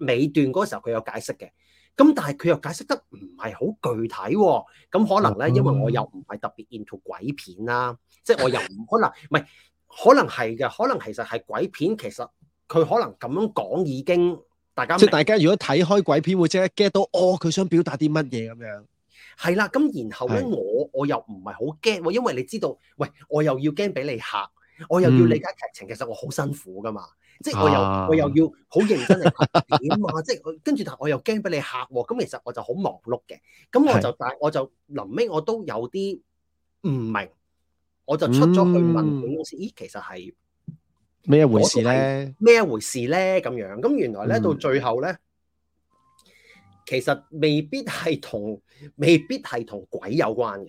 尾段嗰時候，佢有解釋嘅。咁但係佢又解釋得唔係好具體喎，咁可能咧，因為我又唔係特別 into 鬼片啦，嗯、即係我又唔可能，唔係 可能係嘅，可能其實係鬼片，其實佢可能咁樣講已經大家即係大家如果睇開鬼片會即係 get 到哦，佢想表達啲乜嘢咁樣，係啦，咁然後咧我是的 我又唔係好驚，因為你知道，喂，我又要驚俾你嚇，我又要理解劇情，嗯、其實我好辛苦噶嘛。即係我又、啊、我又要好認真嚟講點啊！即係跟住但我又驚俾你嚇喎，咁其實我就好忙碌嘅。咁我就是的 但我就臨尾我都有啲唔明，我就出咗去問保險公司，咦，嗯、其實係咩一回事咧？咩一回事咧？咁樣咁原來咧到最後咧，嗯、其實未必係同未必係同鬼有關嘅。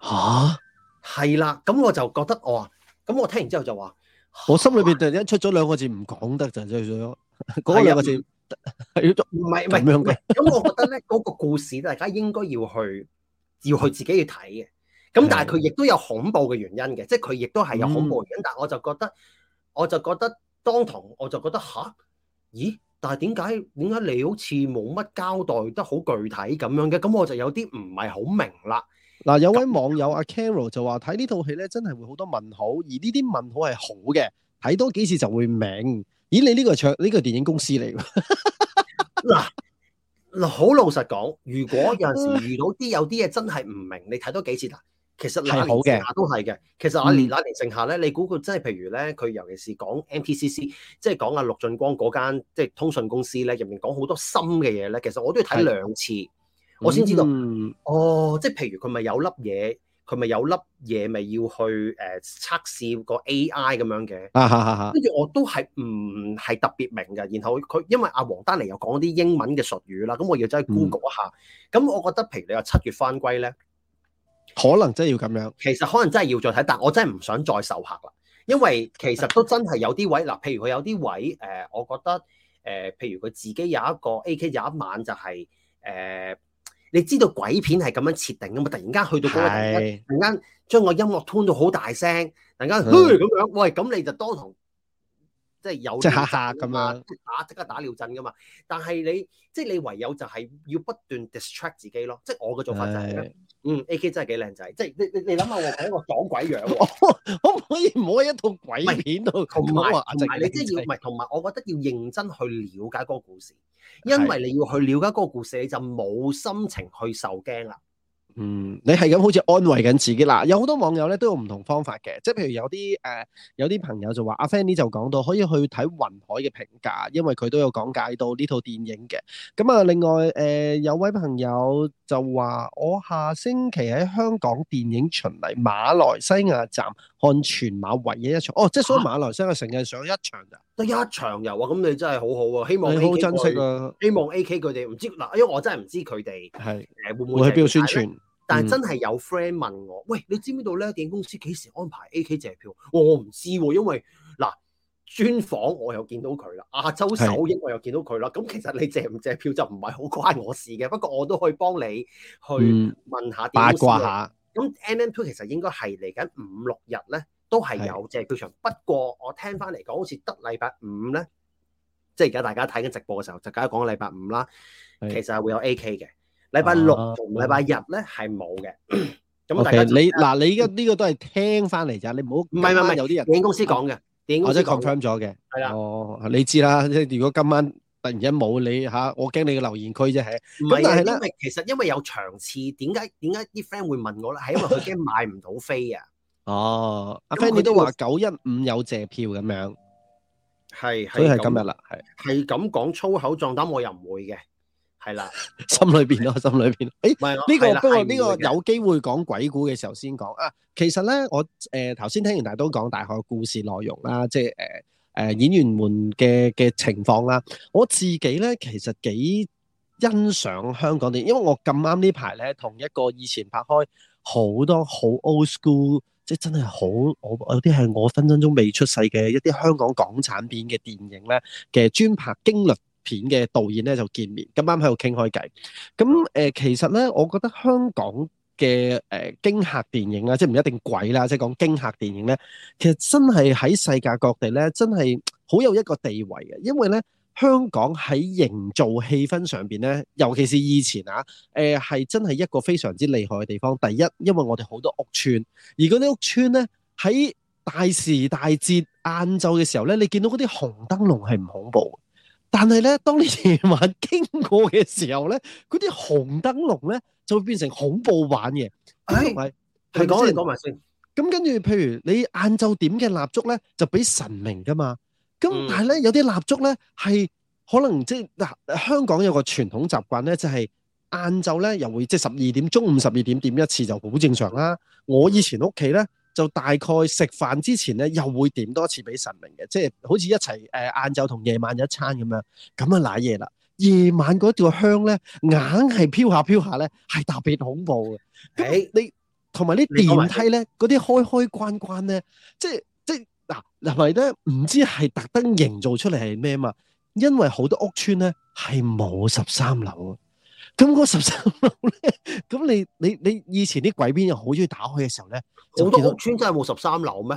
吓、啊？係啦，咁我就覺得我話，咁、哦、我聽完之後就話。我心裏邊突然間出咗兩個、啊那個、個字，唔講得就即係咗嗰兩個字，唔係唔係咁我覺得咧，嗰 個故事大家應該要去，要去自己去睇嘅。咁但係佢亦都有恐怖嘅原因嘅，是的即係佢亦都係有恐怖的原因。嗯、但係我就覺得，我就覺得當堂我就覺得吓、啊，咦？但係點解點解你好似冇乜交代得好具體咁樣嘅？咁我就有啲唔係好明啦。嗱，有位網友阿 Carol 就話睇呢套戲咧，真係會好多問號，而呢啲問號係好嘅，睇多幾次就會明。咦，你呢個卓呢個電影公司嚟㗎？嗱，好老實講，如果有陣時遇到啲有啲嘢真係唔明，你睇多幾次啦。其實，係好嘅都係嘅。其實，阿連哪寧靜下咧，你估佢真係譬如咧，佢尤其是講 MTCC，即係講阿陸俊光嗰間即係通訊公司咧，入面講好多深嘅嘢咧。其實我都睇兩次。我先知道，嗯、哦，即係譬如佢咪有粒嘢，佢咪有粒嘢咪要去誒、呃、測試個 AI 咁樣嘅，跟住、啊啊啊、我都係唔係特別明嘅。然後佢因為阿黃丹妮又講啲英文嘅術語啦，咁我要真係 Google 一下。咁、嗯、我覺得譬如你話七月返歸咧，可能真係要咁樣。其實可能真係要再睇，但我真係唔想再受客啦，因為其實都真係有啲位嗱、呃，譬如佢有啲位、呃、我覺得、呃、譬如佢自己有一個 AK 有一晚就係、是呃你知道鬼片係咁樣設定噶嘛？突然間去到嗰個，是的 突然間將個音樂 turn 到好大聲，突然間，嘿咁是的 樣，喂咁你就多同即係有即刻咁樣打，即刻打尿震噶嘛。但係你即係你唯有就係要不斷 distract 自己咯，即係我嘅做法就係。就嗯，AK 真係幾靚仔，即係你你你諗下，我係一個講鬼樣，可唔 可以唔喺一套鬼片度？同埋你即係要唔係？同埋俊我覺得要認真去了解嗰個故事，因為你要去了解嗰個故事，你就冇心情去受驚啦。嗯，你係咁好似安慰緊自己啦。有好多網友咧都有唔同方法嘅，即係譬如有啲誒、呃、有啲朋友就話，阿 Fanny 就講到可以去睇雲海嘅評價，因為佢都有講解到呢套電影嘅。咁啊，另外誒、呃、有位朋友。就話我下星期喺香港電影巡禮馬來西亞站看全馬唯一一場，哦，即係所以馬來西亞成日上一場咋，得、啊、一場有啊，咁你真係好好啊，希望 A K、欸、珍惜啊，希望 A K 佢哋唔知嗱，因為我真係唔知佢哋係誒會唔會去邊度宣傳，但係真係有 friend 問我，嗯、喂，你知唔知道呢電影公司幾時安排 A K 借票？哦、我唔知喎、啊，因為嗱。專訪我又見到佢啦，亞洲首映我又見到佢啦，咁是其實你借唔借票就唔係好關我事嘅，不過我都可以幫你去問下、嗯、八卦下。咁 NMP 其實應該係嚟緊五六日咧，都係有借票場。是不過我聽翻嚟講，好似得禮拜五咧，即係而家大家睇緊直播嘅時候，就梗係講禮拜五啦。是其實係會有 AK 嘅。禮拜六同禮拜日咧係冇嘅。咁、啊、 大家你嗱，你依家呢個都係聽翻嚟咋，你唔好唔係唔係有啲人影公司講嘅。我即係 confirm 咗嘅，係啦，哦，你知啦，即係如果今晚突然間冇你吓，我驚你嘅留言區啫，係。咁但係咧，其實因為有場次，點解點解啲 friend 會問我咧？係因為佢驚買唔到飛啊。哦，阿 friend 你都話九一五有借票咁樣，係，所以係今日啦，係。係咁講粗口撞膽，我又唔會嘅。係啦，是心裏邊咯，我心裏邊。誒、欸，呢個不過呢個有機會講鬼故嘅時候先講啊。其實咧，我誒頭先聽完大東講大學嘅故事內容啦，即係誒誒演員們嘅嘅情況啦。我自己咧，其實幾欣賞香港電影，因為我咁啱呢排咧同一個以前拍開好多好 old school，即係真係好，我有啲係我分分鐘未出世嘅一啲香港港產片嘅電影咧嘅專拍經歷片嘅導演咧就見面，咁啱喺度傾開偈。咁誒、呃，其實咧，我覺得香港嘅誒、呃、驚嚇電影啊，即係唔一定鬼啦，即係講驚嚇電影咧，其實真係喺世界各地咧，真係好有一個地位嘅。因為咧，香港喺營造氣氛上邊咧，尤其是以前啊，誒、呃、係真係一個非常之厲害嘅地方。第一，因為我哋好多屋邨，而嗰啲屋邨咧喺大時大節晏晝嘅時候咧，你見到嗰啲紅燈籠係唔恐怖的。但係咧，當你夜晚經過嘅時候咧，嗰啲紅燈籠咧就會變成恐怖玩嘅，係咪、哎？係講嚟講埋先說。咁跟住，譬如你晏晝點嘅蠟燭咧，就俾神明噶嘛。咁但係咧，有啲蠟燭咧係可能即係，香港有個傳統習慣咧，就係晏晝咧又會即係十二點，中午十二點點一次就好正常啦。我以前屋企咧。就大概食飯之前咧，又會點多次俾神明嘅，即係好似一齊誒晏晝同夜晚一餐咁樣。咁啊，瀨嘢啦！夜晚嗰條香咧，硬係飄下飄下咧，係特別恐怖嘅。咁你同埋啲電梯咧，嗰啲開開關關咧，即係即係嗱，同埋咧唔知係特登營造出嚟係咩嘛？因為好多屋村咧係冇十三樓啊。咁嗰十三樓咧？咁你你你以前啲鬼片又好中意打開嘅時候咧，好多屋邨真係冇十三樓咩？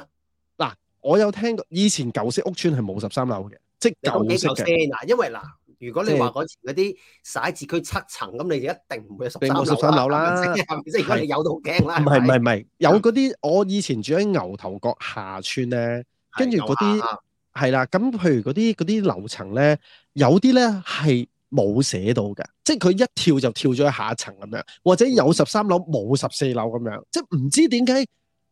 嗱，我有聽過以前舊式屋邨係冇十三樓嘅，即係舊式嘅。嗱，因為嗱，如果你話嗰前嗰啲寫字樓區七層，咁你就一定唔會有十三樓啦。即係如果你有都好驚啦。唔係唔係唔係，有嗰啲我以前住喺牛頭角下邨咧，跟住嗰啲係啦。咁譬如嗰啲嗰啲樓層咧，有啲咧係。冇寫到嘅，即係佢一跳就跳咗喺下一層咁樣，或者有十三樓冇十四樓咁樣，即係唔知點解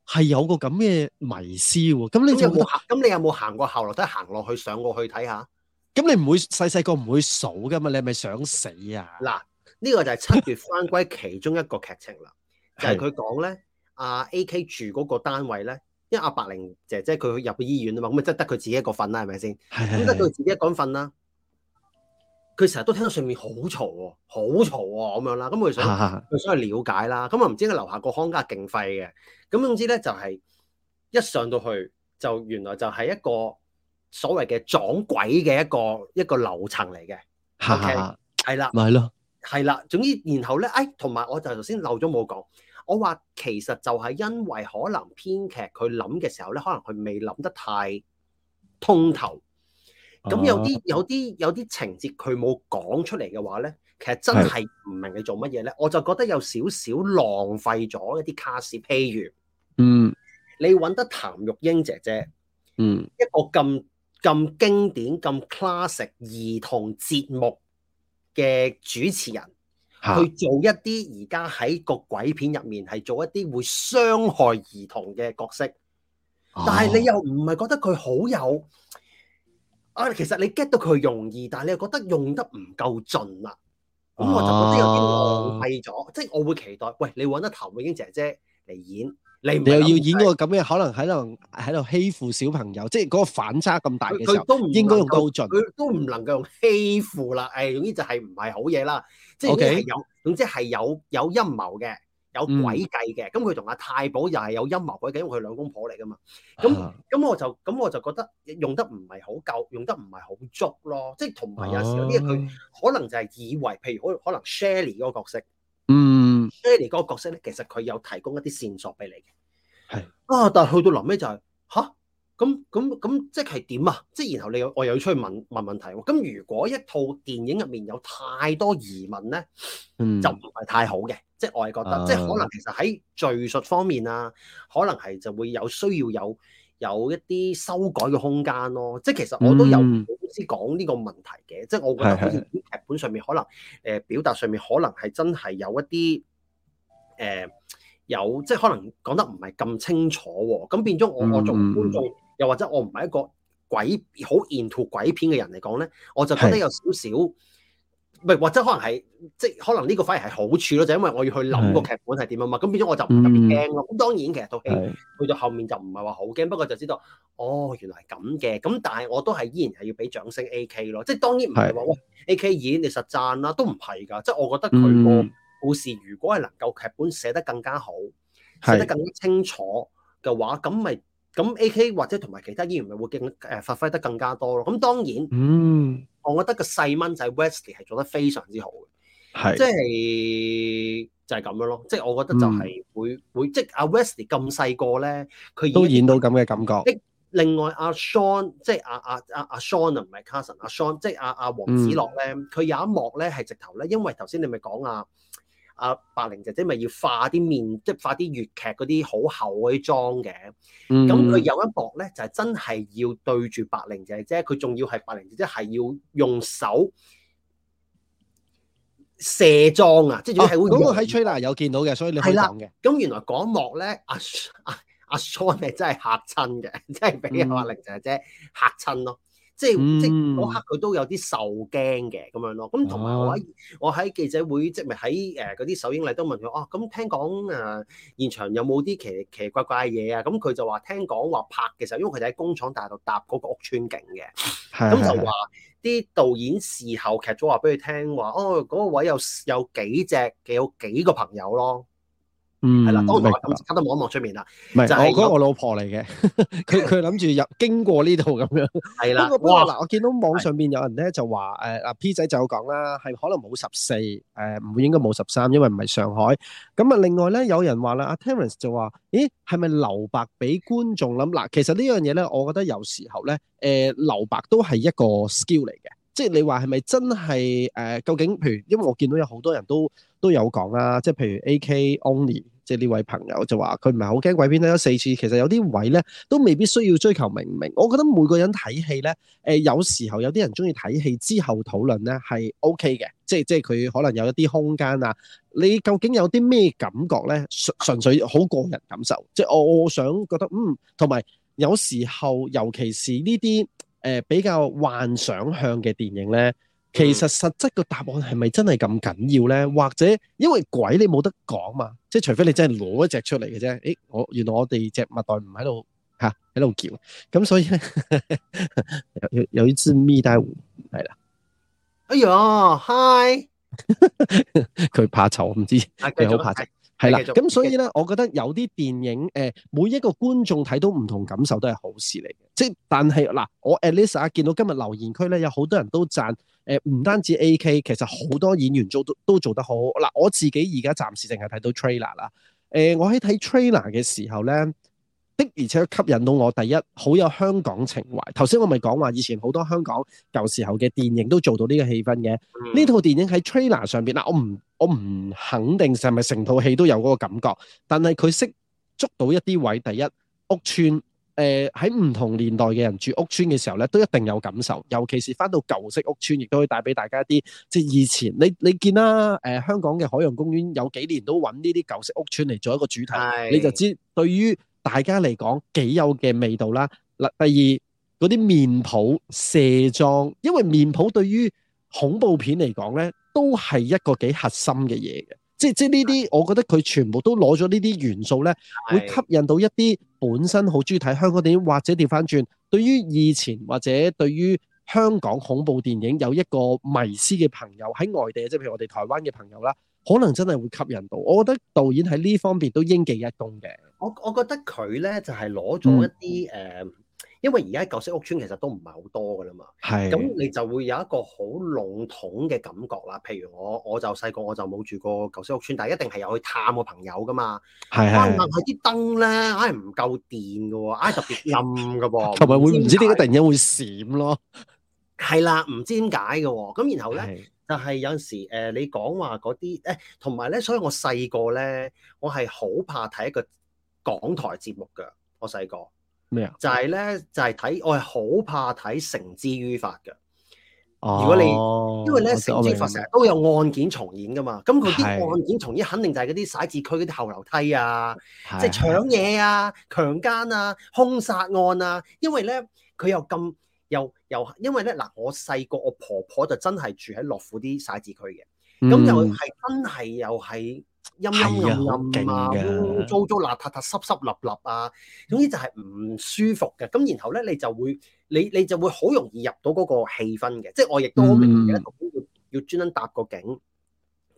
係有個咁嘅迷思喎。咁你有冇行？咁你有冇行過後樓梯行落去上過去睇下？咁你唔會細細個唔會數噶嘛？你係咪想死啊？嗱，呢、這個就係七月返歸其中一個劇情啦， 就係佢講咧，阿 A K 住嗰個單位咧，因為阿白玲姐姐佢入去醫院啊嘛，咁咪即係得佢自己一個瞓啦，係咪先？咁是的 得佢自己一個瞓啦。佢成日都聽到上面好嘈喎，好嘈喎咁樣啦，咁佢想佢想去了解啦，咁啊唔知佢樓下個康家勁廢嘅，咁總之咧就係、是、一上到去就原來就係一個所謂嘅撞鬼嘅一個一個樓層嚟嘅係啦，咪係咯、啊，啦、okay?，總之然後咧，誒同埋我就頭先漏咗冇講，我話其實就係因為可能編劇佢諗嘅時候咧，可能佢未諗得太通透。咁有啲有啲有啲情節佢冇講出嚟嘅話呢，其實真係唔明你做乜嘢呢？的我就覺得有少少浪費咗一啲卡士譬如，嗯，你揾得譚玉英姐姐，嗯，一個咁咁經典咁 classic 兒童節目嘅主持人，哈去做一啲而家喺個鬼片入面係做一啲會傷害兒童嘅角色，啊、但係你又唔係覺得佢好有？啊、其實你 get 到佢容易，但你又覺得用得唔夠盡啦，咁、啊、我就覺得有啲浪費咗。即係我會期待，喂，你揾阿譚玉瑛姐姐嚟演，你你又要演個咁嘅可能喺度喺度欺負小朋友，即係嗰個反差咁大嘅時候，都應該用夠盡，佢都唔能，能夠用欺負啦。誒、哎，是是 Okay? 總之就係唔係好嘢啦，即係有總之係有有陰謀嘅。有鬼計嘅，咁佢同阿太保又係有陰謀鬼計，因為佢兩公婆嚟㗎嘛。咁咁、啊、我就咁我就覺得用得唔係好夠，用得唔係好足咯。即係同埋有時有啲嘢，佢、啊、可能就係以為，譬如好可能 Sherry 嗰個角色，嗯，Sherry 嗰個角色咧，其實佢有提供一啲線索俾你嘅。係是啊，但係去到臨尾就係、是、嚇。咁咁咁即係點啊？即係然後你又我又要出去問問問題喎、啊。咁如果一套電影入面有太多疑問咧，就唔係太好嘅。嗯、即係我係覺得，嗯、即係可能其實喺敘述方面啊，可能係就會有需要有有一啲修改嘅空間咯。即係其實我都有好似講呢個問題嘅。嗯、即係我覺得好似劇本上面可能誒是、呃、表達上面可能係真係有一啲誒、呃、有即係可能講得唔係咁清楚喎、啊。咁變咗我我做觀眾、嗯。又或者我唔係一個鬼好 into 鬼片嘅人嚟講咧，我就覺得有少少，唔是或者可能係即係可能呢個反而係好處咯，就因為我要去諗個劇本係點啊嘛，咁是變咗我就唔特別驚咯。咁、嗯、當然其實套戲是去到後面就唔係話好驚，不過就知道哦原來係咁嘅。咁但係我都係依然係要俾掌聲 AK 咯，即係當然唔係話喂 AK 演你實讚啦，都唔係㗎。即係我覺得佢個故事、嗯、如果係能夠劇本寫得更加好，是寫得更加清楚嘅話，咁咪。咁 A.K. 或者同埋其他演員咪會更誒發揮得更加多咯。咁當然，嗯，我覺得個細蚊仔 Westie 係做得非常之好嘅，係即係就係、是、咁、就係、樣咯。即、就、係、是、我覺得就係會會，即係阿 Westie 咁細個咧，佢、就係啊、都演到咁嘅感覺。另外阿、啊、Sean 即係阿阿阿阿 Sean 啊，唔、啊、係、啊啊、Car、啊啊啊、son 阿 Sean，即係阿阿黃子樂咧，佢有一幕咧係直頭咧，因為頭先你咪講啊。阿白玲姐姐咪要化啲面，即係化啲粵劇嗰啲好厚嗰啲妝嘅。咁佢、嗯、有一幕咧，就係、係、真係要對住白玲姐姐，佢仲要係白玲姐姐係要用手卸妝啊！即係總之係喺 Twitter 有見到嘅，所以你係啦。咁原來嗰一幕咧，阿阿阿 son 係真係嚇親嘅，即係俾阿玲姐姐嚇親咯。嗯嗯、即係即嗰刻佢都有啲受驚嘅咁樣咯，咁同埋我喺我喺記者會即咪喺誒嗰啲首映禮都問佢，哦、啊、咁聽講啊現場有冇啲奇奇怪怪嘅嘢啊？咁佢就話聽講話拍嘅時候，因為佢哋喺工廠大廈度搭嗰個屋村景嘅，咁是的 就話啲是的 導演事後劇組話俾佢聽話，哦嗰、嗰個位有有幾隻嘅幾個朋友咯。嗯，係啦，當然係咁，而家都望一望出面啦。唔係，就係我老婆嚟嘅，佢佢諗住入經過呢度咁樣。係啦，哇！嗱，我見到網上面有人咧就話，誒，阿 P 仔就有講啦，係可能冇十四，誒，唔會應該冇十三，因為唔係上海。咁啊，另外咧，有人話啦，阿 Terence 就話，咦，係咪留白俾觀眾諗？嗱，其實呢樣嘢咧，我覺得有時候咧，誒，留白都係一個 skill 嚟嘅。即係你話係咪真係、呃、究竟譬如，因為我見到有好多人都有都有講啦、啊，即係譬如 A K Only，即係呢位朋友就話佢唔係好驚鬼片，呢有四次。其實有啲位咧都未必需要追求明唔明。我覺得每個人睇戲咧、呃，有時候有啲人中意睇戲之後討論咧係 O K 嘅，即係即佢可能有一啲空間啊。你究竟有啲咩感覺咧？純純，純粹好個人感受。即係我，我想覺得嗯，同埋有，有時候尤其是呢啲。誒、呃，比較幻想向嘅電影咧，其實實質個答案係咪真係咁緊要咧？或者因為鬼你冇得講嘛，即係除非你真係攞一隻出嚟嘅啫。誒、欸，我原來我哋隻物袋唔喺度吓，喺、啊、度叫，咁所以咧有有有一支咪帶係啦。哎唷，Hi，佢怕醜，唔知佢好、啊、怕醜。係啦，咁所以咧，我覺得有啲電影，誒每一個觀眾睇到唔同感受都係好事嚟嘅。即係，但係嗱，我 at least 見到今日留言區咧，有好多人都讚，誒唔單止 AK，其實好多演員做都都做得好。嗱，我自己而家暫時淨係睇到 trailer 啦。誒，我喺睇 trailer 嘅時候咧。的而且吸引到我，第一，好有香港情懷。頭先我咪講話，以前好多香港舊時候嘅電影都做到呢個氣氛嘅。呢套、嗯、電影喺 trailer 上邊，嗱，我唔我唔肯定係咪成套戲都有嗰個感覺，但係佢識捉到一啲位。第一，屋邨，誒喺唔同年代嘅人住屋邨嘅時候咧，都一定有感受。尤其是翻到舊式屋邨，亦都可以帶俾大家一啲即、係、以前你你見啦，呃、香港嘅海洋公園有幾年都揾呢啲舊式屋邨嚟做一個主題，是你就知對於大家嚟講幾有嘅味道啦！嗱，第二嗰啲面譜卸妝，因為面譜對於恐怖片嚟講呢，都係一個幾核心嘅嘢嘅。即即呢啲，我覺得佢全部都攞咗呢啲元素呢，會吸引到一啲本身好中意睇香港電影，的或者調翻轉，對於以前或者對於香港恐怖電影有一個迷思嘅朋友喺外地，即譬如我哋台灣嘅朋友啦。可能真係會吸引到，我覺得導演喺呢方面都應記一功嘅。我我覺得佢咧就係攞咗一啲誒，嗯、因為而家舊式屋邨其實都唔係好多噶啦嘛。係，咁你就會有一個好籠統嘅感覺啦。譬如我我就細個我就冇住過舊式屋邨，但係一定係有去探過朋友噶嘛。係係是的、啊。問佢啲燈咧，唉、啊、唔夠電嘅喎，唉、啊、特別陰嘅噃，同埋 會唔知點解突然間會閃咯。係啦，唔知點解嘅喎。咁然後咧。但係有陣時，誒、呃、你講話嗰啲誒，同埋咧，所以我細個咧，我係好怕睇一個港台節目㗎。我細個咩啊？就係、是、咧，就係睇我係好怕睇《繩之於法的》㗎。哦，如果你因為咧《我繩之於法》成日都有案件重演㗎嘛，咁佢啲案件重演肯定就係嗰啲寫字區嗰啲後樓梯啊，即係的搶嘢啊、的強姦啊、兇殺案啊，因為咧佢又咁。又又因為咧嗱，我細個我婆婆就真係住喺樂富啲徙置區嘅，咁又係真係又係陰陰陰嘅，污糟糟邋遢遢濕濕立立啊，總之就係唔舒服嘅。咁然後咧，你就會你你就會好容易入到嗰個氣氛嘅，即係我亦都好明嘅，要要專登搭個景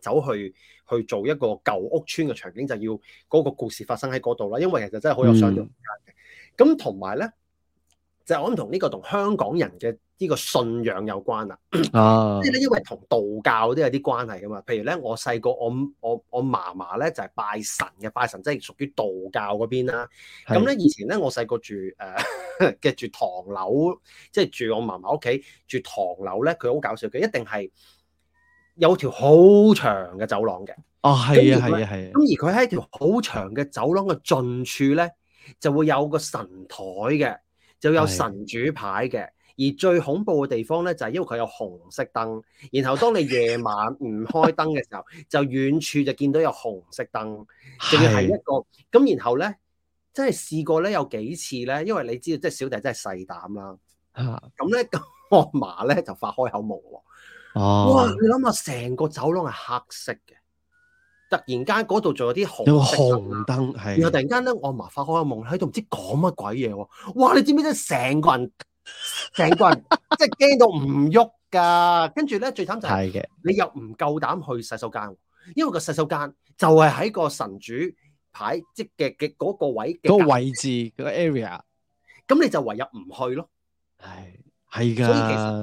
走去去做一個舊屋村嘅場景，就要嗰個故事發生喺嗰度啦。因為其實真係好有相對空間嘅。咁同埋咧。其實我諗同呢個同香港人嘅呢個信仰有關啦，啊，即係咧，因為同道教都有啲關係噶嘛。譬如咧，我細個我我我嫲嫲咧就係拜神嘅，拜神即係屬於道教嗰邊啦，啊。咁咧是以前咧，我細個住誒嘅住唐樓，即係住我嫲嫲屋企住唐樓咧，佢好搞笑，佢一定係有條好長嘅走廊嘅。哦，係啊，係啊，係啊。咁而佢喺條好長嘅走廊嘅盡處咧，就會有個神台嘅。就有神主牌嘅，而最恐怖嘅地方咧，就係因為佢有紅色燈，然後當你夜晚唔開燈嘅時候， 就遠處就見到有紅色燈，仲要係一個咁， 然後咧，真係試過咧有幾次咧，因為你知道即係小弟真係細膽啦，咁咧咁我阿嫲咧就發開口夢喎，oh. 哇，你諗下成個走廊係黑色嘅。突然間嗰度仲有啲紅，紅燈，然後突然間咧，我阿嫲發開個夢喺度唔知講乜鬼嘢喎！哇！你知唔知成個人成個人即係驚到唔喐噶，跟住咧最慘就係嘅你又唔夠膽去洗手間，因為個洗手間就係喺個神主牌即係嘅嘅嗰個位嗰個位置，個，位置，嗰個 area，咁你就唯有唔去咯，唉。係噶，所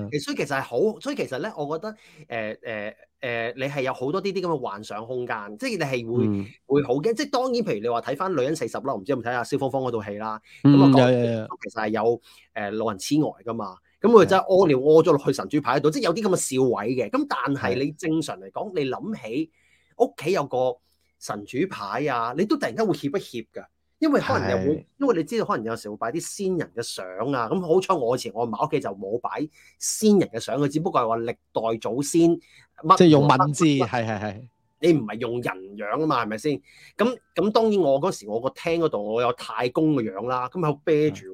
以其實，所以其實係好，所以其實咧，我覺得誒誒誒，你係有好多啲啲咁嘅幻想空間，即係你係會、嗯、會好驚。即係當然，譬如你話睇翻女人四十啦，唔知有冇睇下蕭芳芳嗰套戲啦，咁啊、嗯、講其實係有誒、呃、老人痴呆噶嘛，咁佢真係屙尿屙咗落去神主牌度，即係有啲咁嘅笑位嘅。咁但係你正常嚟講，你諗起屋企有個神主牌啊，你都突然間會怯一怯噶？因為可能又會，因為你知道可能有時候會擺啲先人嘅相啊，咁好彩我以前我阿嫲屋企就冇擺先人嘅相，佢只不過係話歷代祖先乜，即係用文字，係係係。是是是，你唔係用人的樣啊嘛，係咪先？咁咁當然我嗰時我個廳嗰度我有太公嘅樣啦，咁後啤住，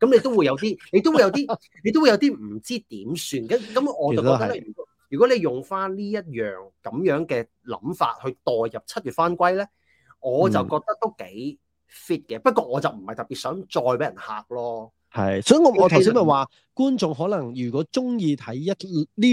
咁你都會有啲， 你都會有啲，你都會有啲唔知點算，嘅。咁我就覺得都如果你用返呢一樣咁樣嘅諗法去代入七月返歸咧，我就覺得都幾 fit 嘅，不過我就唔係特別想再俾人嚇咯。係，所以我我頭先咪話，觀眾可能如果中意睇一呢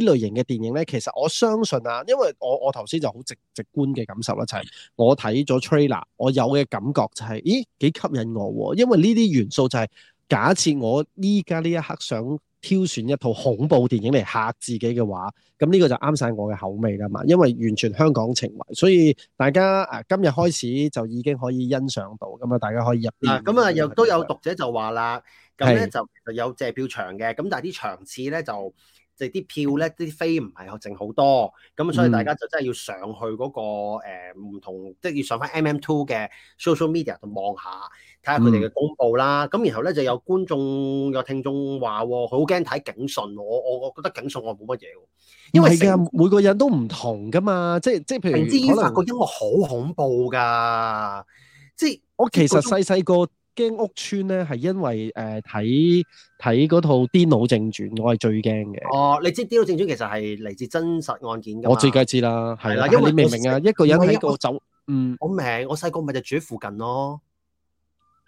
類型嘅電影咧，其實我相信啊，因為我我頭先就好直直觀嘅感受啦，就係我睇咗 trailer，我有嘅感覺就係，咦，幾吸引我啊，因為呢啲元素就係假設我依家呢一刻想。挑選一套恐怖電影嚟嚇自己嘅話，咁呢個就啱晒我嘅口味啦嘛，因為完全香港情懷，所以大家今日開始就已經可以欣賞到，咁啊大家可以入啊。啊，咁啊又都有讀者就話啦，咁咧是就有借票場嘅，咁但係啲場次咧就。即係啲票咧，啲飛唔係剩好多，咁所以大家就真係要上去嗰、那個唔、嗯欸、同，即係要上翻 MM Two 嘅 social media 度望下，睇下佢哋嘅公佈啦。咁、嗯、然後咧就有觀眾有聽眾話，佢好驚睇警訊，我我我覺得警訊我冇乜嘢喎。因為，每個人都唔同噶嘛，即係即係譬如可能個音樂好恐怖㗎，即係我其實細細個。驚屋村咧係因為誒睇睇嗰套癲佬正傳，我係最驚嘅。哦，你知癲佬正傳其實係嚟自真實案件噶嘛。我最梗係知啦，係啦，因為你明唔明啊？一個人喺個走，個嗯，我明，我細個咪就住喺附近咯。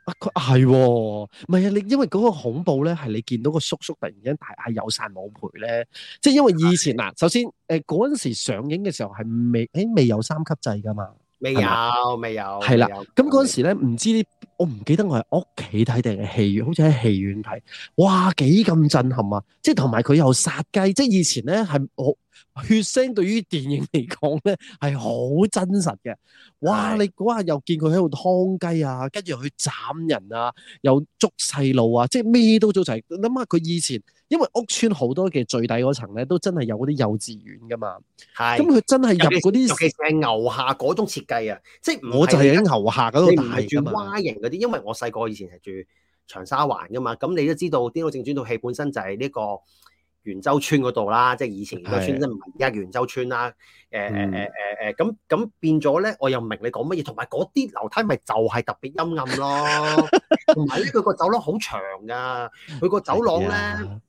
啊，係，唔係啊？你因為嗰個恐怖咧，係你見到個叔叔突然間大嗌「有晒冇賠」咧，即係因為以前嗱，啊啊、首先誒嗰陣時上映嘅時候係未誒未有三級制噶嘛。未有，是是未有，係啦。咁嗰時咧，唔知我唔記得我係屋企睇定係戲院，好似喺戲院睇，哇，幾咁震撼啊！即係同埋佢又殺雞，即係以前咧係我。血腥對於電影嚟講咧係好真實嘅，哇！的你估下又見佢喺度劏雞啊，跟住去斬人啊，又捉細路啊，即係咩都做齊。諗下佢以前，因為屋村好多嘅最底嗰層咧，都真係有嗰啲幼稚園噶嘛。係的，咁佢真係入嗰啲。尤其係牛下嗰種設計啊，即係。我就係喺牛下嗰度大住 Y 型嗰啲，因為我細個以前係住長沙環噶嘛，咁你都知道，癲佬正傳套戲本身就係呢、這個。圓洲村嗰度啦，即係以前嗰村真唔係而家圓洲村啦，誒誒誒誒誒，咁咁、呃呃呃、變咗咧，我又唔明你講乜嘢，同埋嗰啲樓梯咪就係特別陰暗咯，同埋咧佢個走廊好長噶，佢個走廊咧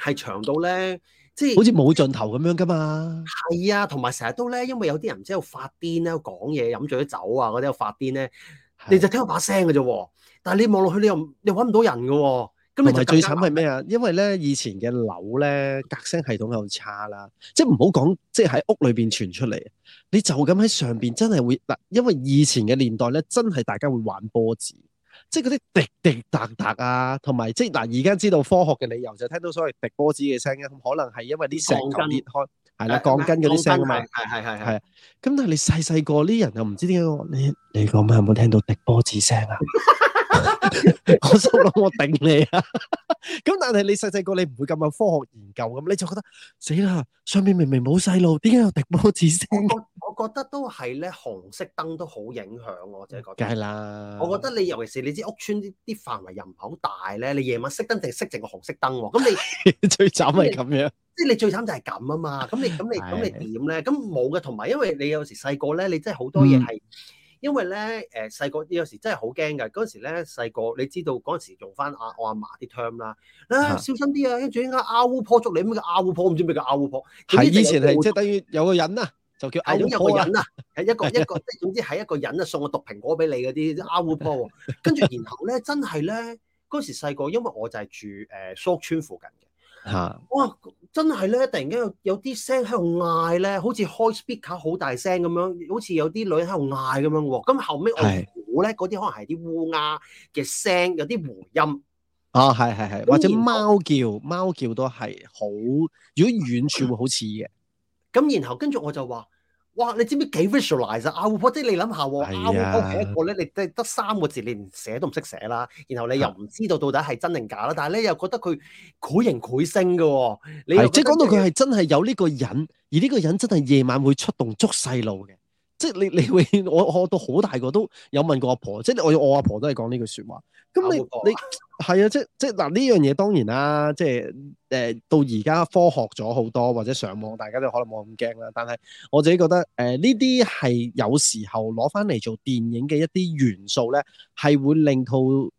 係的長到咧，即係好似冇盡頭咁樣噶嘛。係啊，同埋成日都咧，因為有啲人知度發癲咧，講嘢飲醉酒啊嗰啲度發癲咧，你就聽到把聲噶啫，的但係你望落去你又你搵唔到人噶。唔係最慘係咩啊？因為咧以前嘅樓咧隔音系統又差啦，即係唔好講，即係喺屋裏面傳出嚟，你就咁喺上面，真係會嗱，因為以前嘅年代咧，真係大家會玩波子，即係嗰啲滴滴答答啊，同埋即係嗱，而家知道科學嘅理由就聽到所謂滴波子嘅聲，咁可能係因為啲石頭裂開，係啦根，鋼筋嗰啲聲啊嘛，係係係係。咁但係你細細個啲人又唔知點解，你你講咩，有冇聽到滴波子聲啊？ 我心諗我頂你啊！咁但係你細細個你唔會咁有科學研究咁，你就覺得死啦！上面明明冇細路，點解有啲波子聲？我我覺得都係咧，紅色燈都好影響我，就係覺。梗係啦。我覺得你尤其是你知屋村啲啲範圍又唔係好大咧，你夜晚熄燈定係熄淨個紅色燈喎？咁你最慘係咁樣，即係你最慘就係咁啊嘛！咁你咁你咁你點咧？咁冇嘅，同埋因為你有時細個咧，你真係好多嘢係。因為咧，誒細個有時真係好驚嘅。嗰陣時咧，細個你知道嗰陣時做翻阿我阿嫲啲 term 啦，啊小心啲啊！跟住依家阿烏婆捉你，乜叫阿烏婆，唔知咩叫阿烏婆。係以前係即係等於有個人啦、啊，就叫係咁、啊、有個人啦，係一個一個即係總之係一個人啦、啊， 個個個人送個毒蘋果俾你嗰啲阿烏婆。跟住然後咧，真係咧嗰陣時細個，因為我就係住 o 蘇屋村附近嘅。嚇！啊、哇！真係咧，突然間有有啲聲喺度嗌咧，好似開 speaker 好大聲咁樣，好似有啲女人喺度嗌咁樣喎。咁後尾我估咧，嗰啲可能係啲烏鴉嘅聲，有啲迴音。啊，係係係，是或者貓叫，貓叫都係好，如果遠處會好似嘅。咁然後跟住我就話。哇！你知唔知幾 visualize 啊？即係你諗下，阿啊，虎姑婆、啊是啊、個咧，你得得三個字，你連寫都唔識寫啦。然後你又唔知道到底係真定假啦。是的 但係咧，又覺得佢繪形繪聲嘅喎。係即係講到佢係真係有呢個人，而呢個人真係夜晚會出動捉細路嘅。即係你，你會我我到好大個都有問過阿婆，即係我我阿婆都係講呢句說話。咁你你係啊？即係即係嗱，呢樣嘢當然啦，即係、呃、到而家科學咗好多，或者上網大家都可能冇咁驚啦。但係我自己覺得誒呢啲係有時候攞翻嚟做電影嘅一啲元素咧，係會令到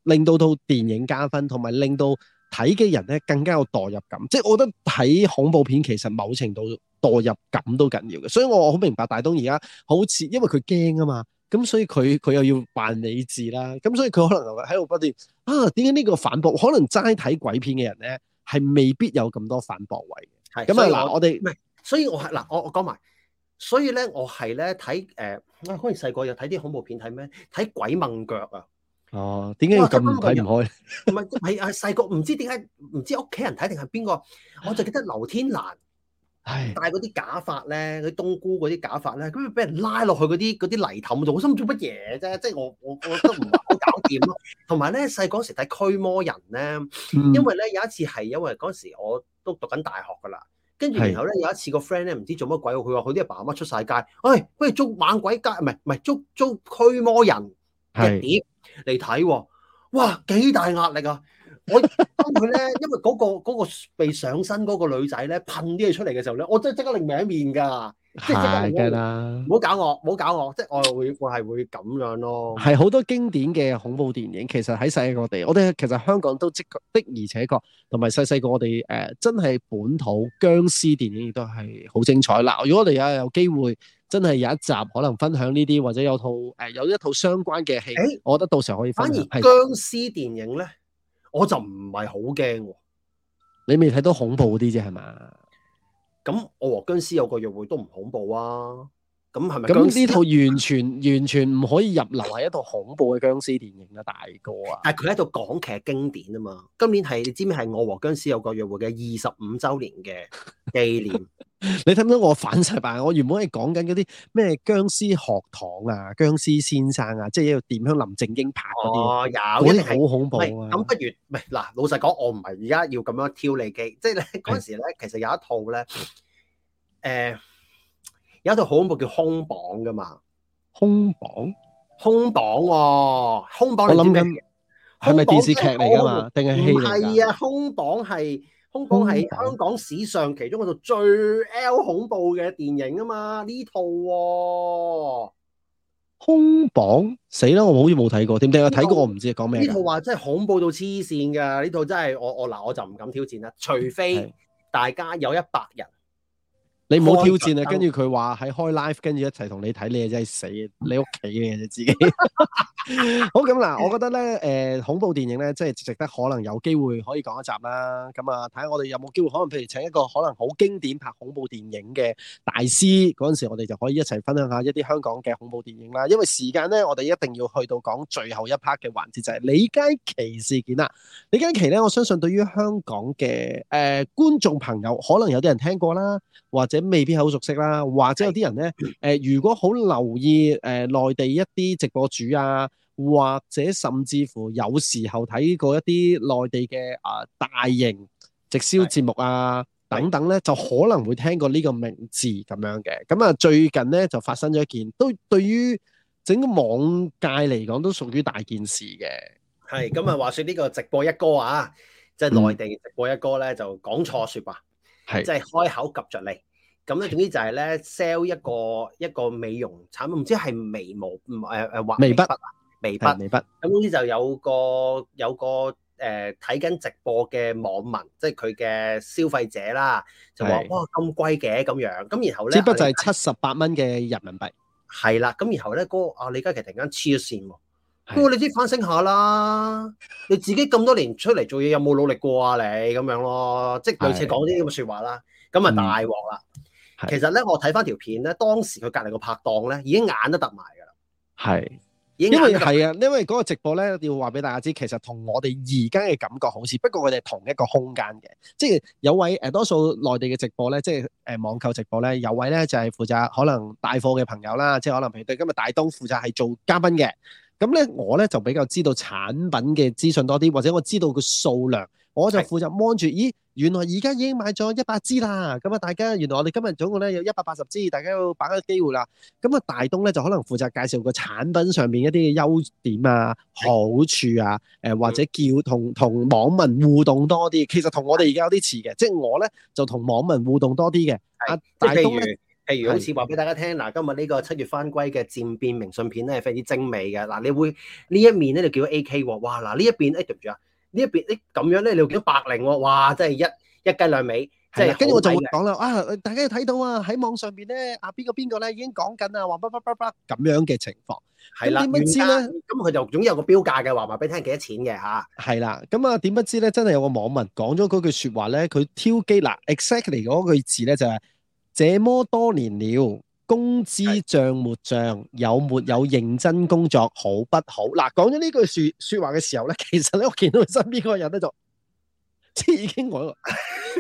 令到套電影加分，同埋令到睇嘅人咧更加有代入感。即係我覺得睇恐怖片其實某程度。墮入感都緊要嘅，所以我好明白大東而家好似，因為佢驚啊嘛，咁所以佢佢又要扮理智啦，咁所以佢可能喺度不斷啊，點解呢個反駁？可能齋睇鬼片嘅人咧，係未必有咁多反駁位嘅。咁係啊嗱們，我哋唔係，所以我係嗱，我我講埋，所以咧我係咧睇誒，可能細個又睇啲恐怖片，睇咩？睇鬼掹腳啊！啊不不哦，點解要咁睇唔開？唔係唔係啊，細個唔知點解，唔知屋企人睇定係邊個？我就記得劉天蘭。 係戴嗰啲假髮咧，嗰啲冬菇嗰啲假髮咧，咁咪俾人拉落去嗰啲啲泥凼度，我心做乜嘢啫？即係我我我都唔搞掂咯。同埋咧細嗰時睇驅魔人咧，嗯、因為咧有一次係因為嗰時候我都讀緊大學噶啦，跟住然後咧是有一次個 friend 咧唔知做乜鬼，佢話佢啲阿爸阿媽出晒街，哎，喂，不如捉猛鬼街，唔係唔係捉捉驅魔人嚟碟嚟睇，哇幾大壓力啊！ 我當佢咧，因為嗰、那個嗰、那個被上身嗰個女仔咧噴啲嘢出嚟嘅時候咧，我真係即刻另埋一面噶，即係即刻我唔好搞我，唔好搞我，即、就、係、是、我係會係會咁樣咯。係好多經典嘅恐怖電影，其實喺細個我哋，我哋其實香港都即的而且確，同埋細細個我哋誒、呃、真係本土僵屍電影亦都係好精彩啦。如果我哋有有機會，真係有一集可能分享呢啲，或者有一套誒、呃、有一套相關嘅戲，欸、我覺得到時候可以分享反而僵屍電影咧。我就唔係好驚，你未睇到恐怖啲啫係嘛？咁我和僵屍有個約會都唔恐怖啊！咁係咪？咁呢套完全完全唔可以入流，係一套恐怖嘅僵屍電影啦，啊，大哥啊！但係佢係一套港劇經典啊嘛。今年係你知唔知係《我和僵屍有個約會》嘅二十五週年嘅紀念。 你睇唔睇我反駁啊？我原本係講緊嗰啲咩僵屍學堂啊，僵屍先生啊，即係要點香林正英拍嗰啲。哦，有，好恐怖咁，啊、不，不如唔嗱？老實講，我唔係而家要咁樣挑你機，即係咧嗰陣時咧，其實有一套咧，誒唉。呃有一套好恐怖的，叫《空綁》噶嘛，《空綁》《空綁》《空綁》啊，《空綁》你諗緊係咪電視劇嚟噶嘛？定係戲？唔係啊，《空綁》係《空綁》《空綁》係香港史上其中一套最 L 恐怖嘅電影啊嘛！呢套、啊，《空綁》死啦！我好似冇睇過，點定我睇過？我唔知講咩。呢套話真係恐怖到黐線噶！呢套真係我我嗱我就唔敢挑戰啦，除非大家有一百人。你冇挑戰啊，跟住佢話，喺開 live，跟住一齊同你睇，你啊，真係死，你屋企嘅，你自己。 好咁嗱，我覺得咧，誒、呃，恐怖電影咧，即係值得可能有機會可以講一集啦。咁啊，睇下我哋有冇機會，可能譬如請一個可能好經典拍恐怖電影嘅大師，嗰陣時我哋就可以一齊分享下一啲香港嘅恐怖電影啦。因為時間咧，我哋一定要去到講最後一 part 嘅環節就係、是、李佳琦事件啦。李佳琦咧，我相信對於香港嘅誒、呃、觀眾朋友，可能有啲人聽過啦，或者未必好熟悉啦，或者有啲人咧，誒是、呃，如果好留意誒內、呃、地一啲直播主啊。或者甚至乎有時候睇過一啲內地嘅啊大型直銷節目啊等等咧，就可能會聽過呢個名字咁樣嘅。咁啊最近咧就發生咗一件，都對於整個網界嚟講都屬於大件事嘅。係咁啊，話說呢個直播一哥啊，即係內地直播一哥咧，就講錯說話，即係、嗯、開口及着嚟。咁咧，總之就係咧 sell 一個一個美容產品，唔知係眉毛誒誒、呃呃、畫眉筆。眉筆，眉筆？咁總之就有個有個誒睇緊直播嘅網民，即係佢嘅消費者啦，就話是哇咁貴嘅咁樣咁，然後咧，呢筆就係七十八蚊嘅人民幣，係啦、啊。咁然後咧，哥、那個、啊李佳琦突然間黐咗線喎，哥你啲反省下啦，你自己咁多年出嚟做嘢有冇努力過啊？你咁樣咯，即係類似講啲咁嘅説話啦，咁啊大鑊啦。嗯、其實咧，我睇翻條片咧，當時佢隔離個拍檔咧已經眼都凸埋㗎啦，係。因為係啊，因為嗰個直播咧，要話俾大家知，其實同我哋而家嘅感覺好似，不過我哋係同一個空間嘅，即係有位誒，多數內地嘅直播咧，即係誒網購直播咧，有位咧就係、是、負責可能帶貨嘅朋友啦，即係可能譬如對今日大東負責係做嘉賓嘅，咁咧我咧就比較知道產品嘅資訊多啲，或者我知道個數量。我就負責望住，咦，原來而家已經買咗一百支啦，咁啊大家，原來我哋今日總共咧有一百八十支，大家要把握機會啦。咁啊大東咧就可能負責介紹個產品上面一啲嘅優點啊、好處啊，誒的或者叫同同網民互動多啲。其實同我哋而家有啲似嘅，即係的我咧就同網民互動多啲嘅。阿的大東咧，譬如好似話俾大家聽，嗱，今日呢個七月返歸嘅漸變明信片咧係非常之精美嘅。嗱，你會呢一面咧就叫 AK 喎，哇，嗱呢一邊誒、欸、對唔住啊。這呢一邊啲咁樣咧，你又見到百零喎、啊，哇！真係一一雞兩味，即跟住我就會講啦。啊，大家睇到啊，喺網上邊咧，阿、啊、邊個邊個咧已經講緊啊，話卜卜卜卜咁樣嘅情況，係啦的，點知咧？咁佢、嗯、就總有個標價嘅，話話俾你聽幾多錢嘅嚇。係啦，咁啊點不知咧？真係有個網民講咗句説話咧，佢挑機嗱，exactly 嗰句字咧就係這麼多年了。工資漲沒漲，有沒有認真工作，好不好？嗱，講咗呢句說說話嘅時候咧，其實咧，我見到佢身邊嗰個人咧就，即係已經我了，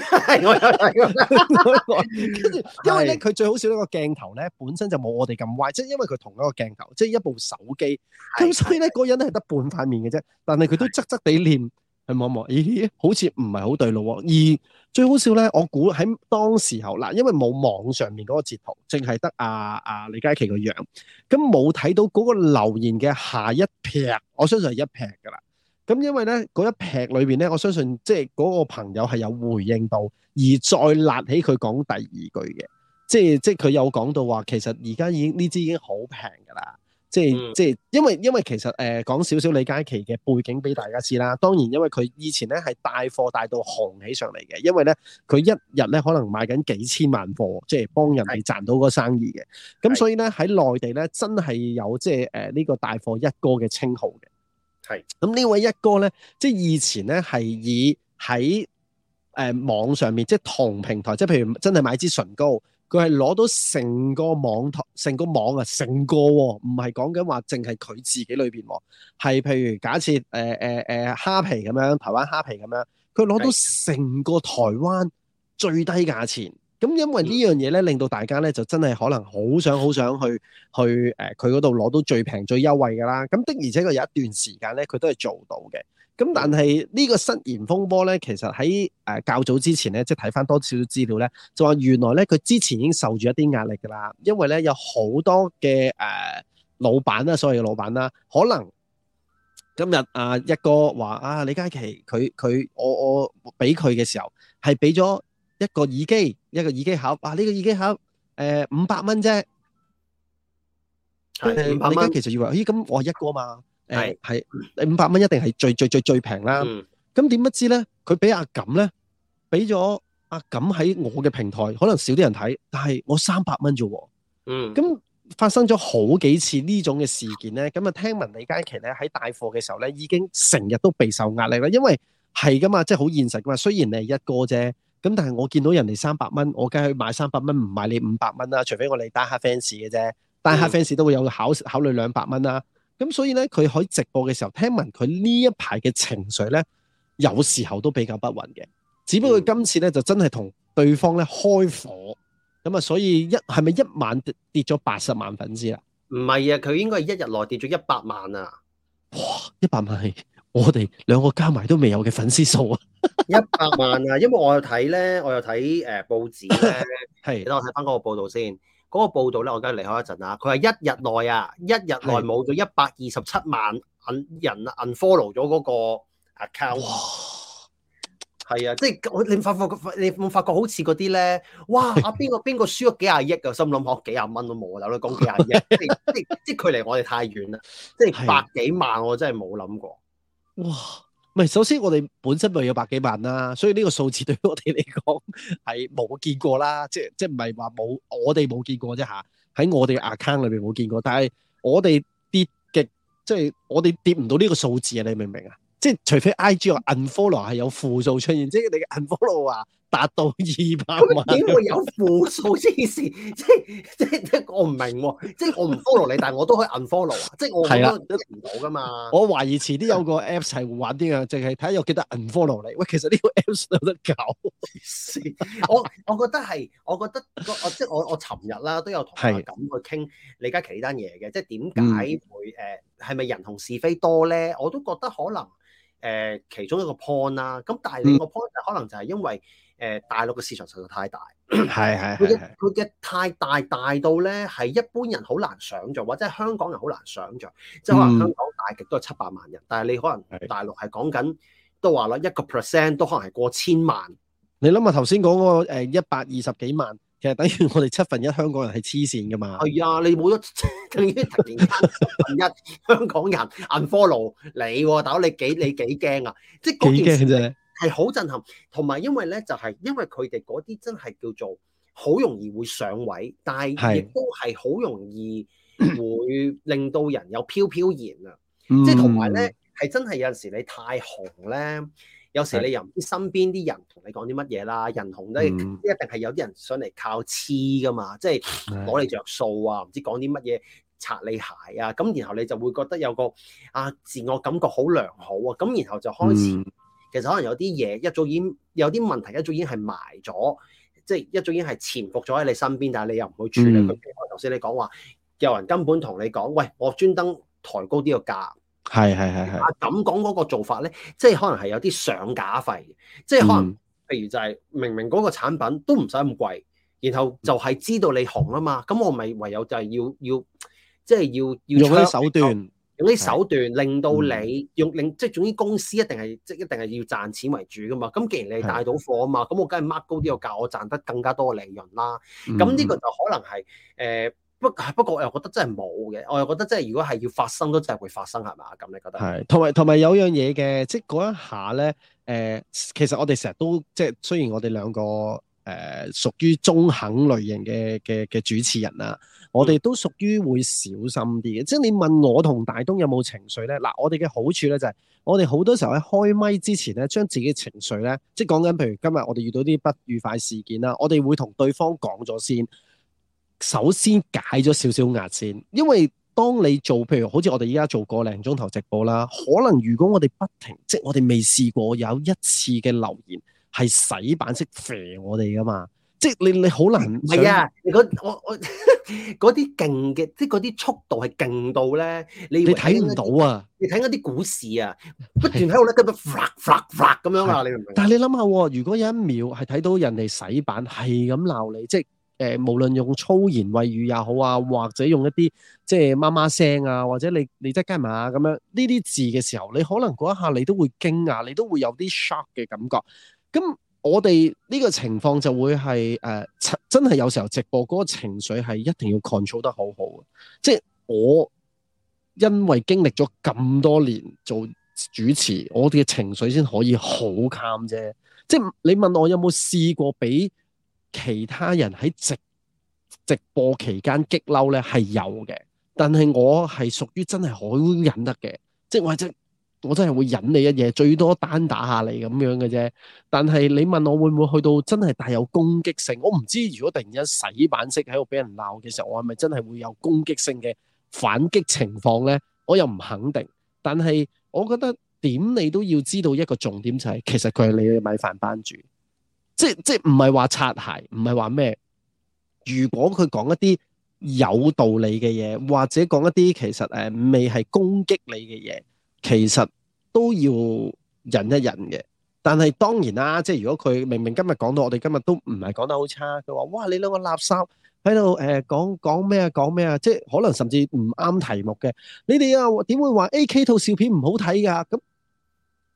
係我有嚟，我跟住，因為咧佢最好笑一個鏡頭咧，本身就冇我哋咁壞，即係因為佢同一個鏡頭，即係一部手機，咁的所以咧嗰人咧係得半塊面嘅啫，但係佢都側側地念。佢望望，咦、欸？好似唔係好對路喎。而最好笑咧，我估喺當時候嗱，因為冇網上面嗰個截圖，淨係得阿阿李佳琦個樣，咁冇睇到嗰個留言嘅下一劈，我相信係一劈噶啦。咁因為咧嗰一劈裏邊咧，我相信即係嗰個朋友係有回應到，而再立起佢講第二句嘅，即係即係佢有講到話，其實而家已經呢支已經好平噶啦。即係即係，嗯、因為因為其實誒講少少李佳琦嘅背景俾大家知啦。當然因為佢以前咧係帶貨帶到紅起上嚟嘅，因為咧佢一日咧可能賣緊幾千萬貨，即係幫人哋賺到個生意嘅。咁是的 所以咧喺內地咧真係有即係誒呢個帶貨一哥嘅稱號嘅。係。咁呢位一哥咧，即係以前咧係以喺誒、呃、網上面，即係同平台，即係譬如真係買支唇膏。佢係攞到成個網台，成個網啊，成個喎，唔係講緊話淨係佢自己裏面喎，係譬如假設誒誒誒蝦皮咁樣，台灣蝦皮咁樣，佢攞到成個台灣最低價錢。咁因為呢樣嘢咧，令到大家咧就真係可能好想好想去去誒，佢嗰度攞到最平最優惠㗎啦。咁的而且確有一段時間咧，佢都係做到嘅。咁但係呢個失言風波咧，其實喺誒較早之前咧，即係睇翻多少資料咧，就話原來咧佢之前已經受住一啲壓力噶啦，因為咧有好多嘅誒、呃、老闆啦，所謂嘅老闆啦，可能今日啊、呃、一哥話啊李佳琦佢佢我我俾佢嘅時候，係俾咗一個耳機一個耳機盒，啊，呢、這個耳機盒誒五百蚊啫，係五百蚊。李佳琦就以為咦咁、哎、我係一哥嘛？係係，你五百蚊一定係最最最最平啦。咁點、嗯、不知咧？佢俾阿錦咧，俾咗阿錦喺我嘅平台，可能少啲人睇，但係我三百蚊啫。嗯，咁發生咗好幾次呢種嘅事件咧，咁啊聽聞李佳琦咧喺帶貨嘅時候咧，已經成日都備受壓力啦。因為係噶嘛，即係好現實噶嘛。雖然你係一個啫，咁但係我見到人哋三百蚊，我梗係買三百蚊，唔買你五百蚊啦。除非我哋單黑 fans 嘅啫，單黑 fans 都會有考慮、嗯、會考慮兩百蚊啦。咁所以咧，佢喺直播嘅時候，聽聞佢呢一排嘅情緒咧，有時候都比較不穩嘅。只不過佢今次咧，就真係同對方咧開火咁啊！所以一係咪一晚跌跌咗八十萬粉絲唔係啊？唔係啊，佢應該係一日內跌咗一百萬啊！哇，一百萬係我哋兩個加埋都未有嘅粉絲數啊！一 百萬啊！因為我有睇咧，我有睇誒、呃、報紙咧，係 是，等我睇翻嗰個報道先。嗰個報道咧，我梗係離開一陣啊。佢話一日內啊，一日內冇咗一百二十七萬銀人 unfollow 咗嗰個 account。係哇啊，即係你發覺，你發覺好似嗰啲咧，哇！啊，邊個邊個輸咗幾廿億嘅，心諗，我幾廿蚊都冇啊，有得講幾廿億， 即係即係距離我哋太遠啦，即係百幾萬我真係冇諗過。哇唔係，首先我哋本身咪有百幾萬啦，所以呢個數字對於我哋嚟講係冇見過啦，即係即係唔係話冇我哋冇見過啫嚇，喺我哋嘅 account 裏邊冇見過，但係我哋跌嘅即係我哋跌唔到呢個數字啊！你明唔明啊？即係除非 I G 話 unfollow 係有負數出現，即係你嘅 unfollow 話！達到二百萬，點會有負數先？ 即係即係，我唔明喎、啊。即係我唔 follow 你，但係我都可以 unfollow，啊 我。即係我 follow 唔到㗎嘛。我懷疑遲啲有個 apps 係玩啲啊，淨係睇有的幾多 unfollow 你。喂，其實呢個 apps 有得搞， 我我覺得係，我覺得我，覺得我，我即係我我尋日啦都有同阿感去傾李佳琦呢單嘢嘅，的即係點解會誒係咪人紅是非多咧？我都覺得可能誒、呃、其中一個 point 啦、啊。咁但係另一個 point 就、嗯、可能就係因為，誒、呃、大陸嘅市場實在太大是是是是，係係佢嘅佢嘅太大大到咧係一般人好難想像，或者香港人好難想像，即係可能香港大極都係七百萬人，嗯、但係你可能大陸係講緊都話啦，一個 percent 都可能係過千萬。你諗下頭先講嗰個一百二十幾萬，其實等於我哋七分一香港人係黐線㗎嘛。係啊，你冇咗突然間七分一 香港人 unfollow 你，大佬你幾你幾驚啊？即係嗰件事。係好震撼，同埋因為咧就係、是、因為佢哋嗰啲真係叫做好容易會上位，但係亦都係好容易會令到人有飄飄然啊！即同埋咧係真係有陣時你太紅咧，有時你又唔知身邊啲人同你講啲乜嘢啦。人紅咧一定係有啲人上嚟靠黐噶嘛，即係攞你着數啊，唔知講啲乜嘢擦你鞋啊，咁然後你就會覺得有個啊自我感覺好良好啊，咁然後就開始。其實可能有啲嘢一早已經有啲問題，一早已經係埋咗，即係一早已經係潛伏咗喺你身邊，但係你又唔去處理佢。頭先、嗯、你講話有人根本同你講，喂，我專登抬高啲個價，係係係係。啊，咁講嗰個做法咧，即係可能係有啲上架費，嗯、即係可能譬如就係、是、明明嗰個產品都唔使咁貴，然後就係知道你紅啊嘛，咁我咪唯有就係要要即係要要用啲手段。用啲手段令到你用令即係，嗯、總之公司一定係即係一定係要賺錢為主噶嘛。咁既然你帶到貨啊嘛，咁是我梗係 mark 高啲個價，我賺得更加多嘅利潤啦。咁呢、嗯、個就可能係誒、呃、不不過我又覺得真係冇嘅，我又覺得真係如果係要發生都真係會發生係嘛，咁你覺得？係同埋同埋有樣嘢嘅，即係嗰一下咧誒、呃，其實我哋成日都即係雖然我哋兩個誒屬於中肯類型嘅嘅嘅主持人啦。我哋都屬於會小心啲嘅，嗯、即係你問我同大東有冇情緒呢？嗱，我哋嘅好處呢，就係、係，我哋好多時候喺開咪之前呢，將自己情緒呢，即係講緊，譬如今日我哋遇到啲不愉快事件啦，我哋會同對方講咗先，首先解咗少少壓線，因為當你做譬如好似我哋依家做過個零鐘頭直播啦，可能如果我哋不停，即係我哋未試過有一次嘅留言係洗版式肥我哋噶嘛。即係你，你好難。係啊，你嗰我我啲勁嘅，即係嗰啲速度係勁到咧，你睇唔到啊！你睇嗰啲股市啊，不斷喺度咧，咁的樣啊，你明唔明？但係你諗下，如果有一秒係睇到人哋洗版，係咁鬧你，即係誒，無論用粗言穢語又好啊，或者用一啲即係媽媽聲啊，或者你你即係加埋啊咁樣呢啲字嘅時候，你可能嗰一下你都會驚訝，你都會有啲 shock 嘅感覺，咁。我哋呢個情況就會係誒、呃、真係有時候直播嗰、嗰個情緒係一定要 control 得好好嘅，即係我因為經歷咗咁多年做主持，我哋嘅情緒先可以好 control 啫。即係你問我有冇試過俾其他人喺直直播期間激嬲咧，係有嘅，但係我係屬於真係好忍得嘅，即係我係我真係會引你一嘢，最多單打下你咁樣嘅啫。但係你問我會唔會去到真係帶有攻擊性？我唔知如果突然間洗版式喺度俾人鬧嘅時候，我係咪真係會有攻擊性嘅反擊情況呢？我又唔肯定。但係我覺得點你都要知道一個重點就係、是，其實佢係你嘅米飯班主，即即唔係話擦鞋，唔係話咩？如果佢講一啲有道理嘅嘢，或者講一啲其實、呃、未係攻擊你嘅嘢。其實都要忍一忍嘅，但係當然啦，即係如果佢明明今日講到我哋今日都唔係講得好差，佢話哇你兩個垃圾喺度誒講講咩啊講咩啊，即係可能甚至唔啱題目嘅，你哋啊點會話 AK 套笑片唔好睇噶？咁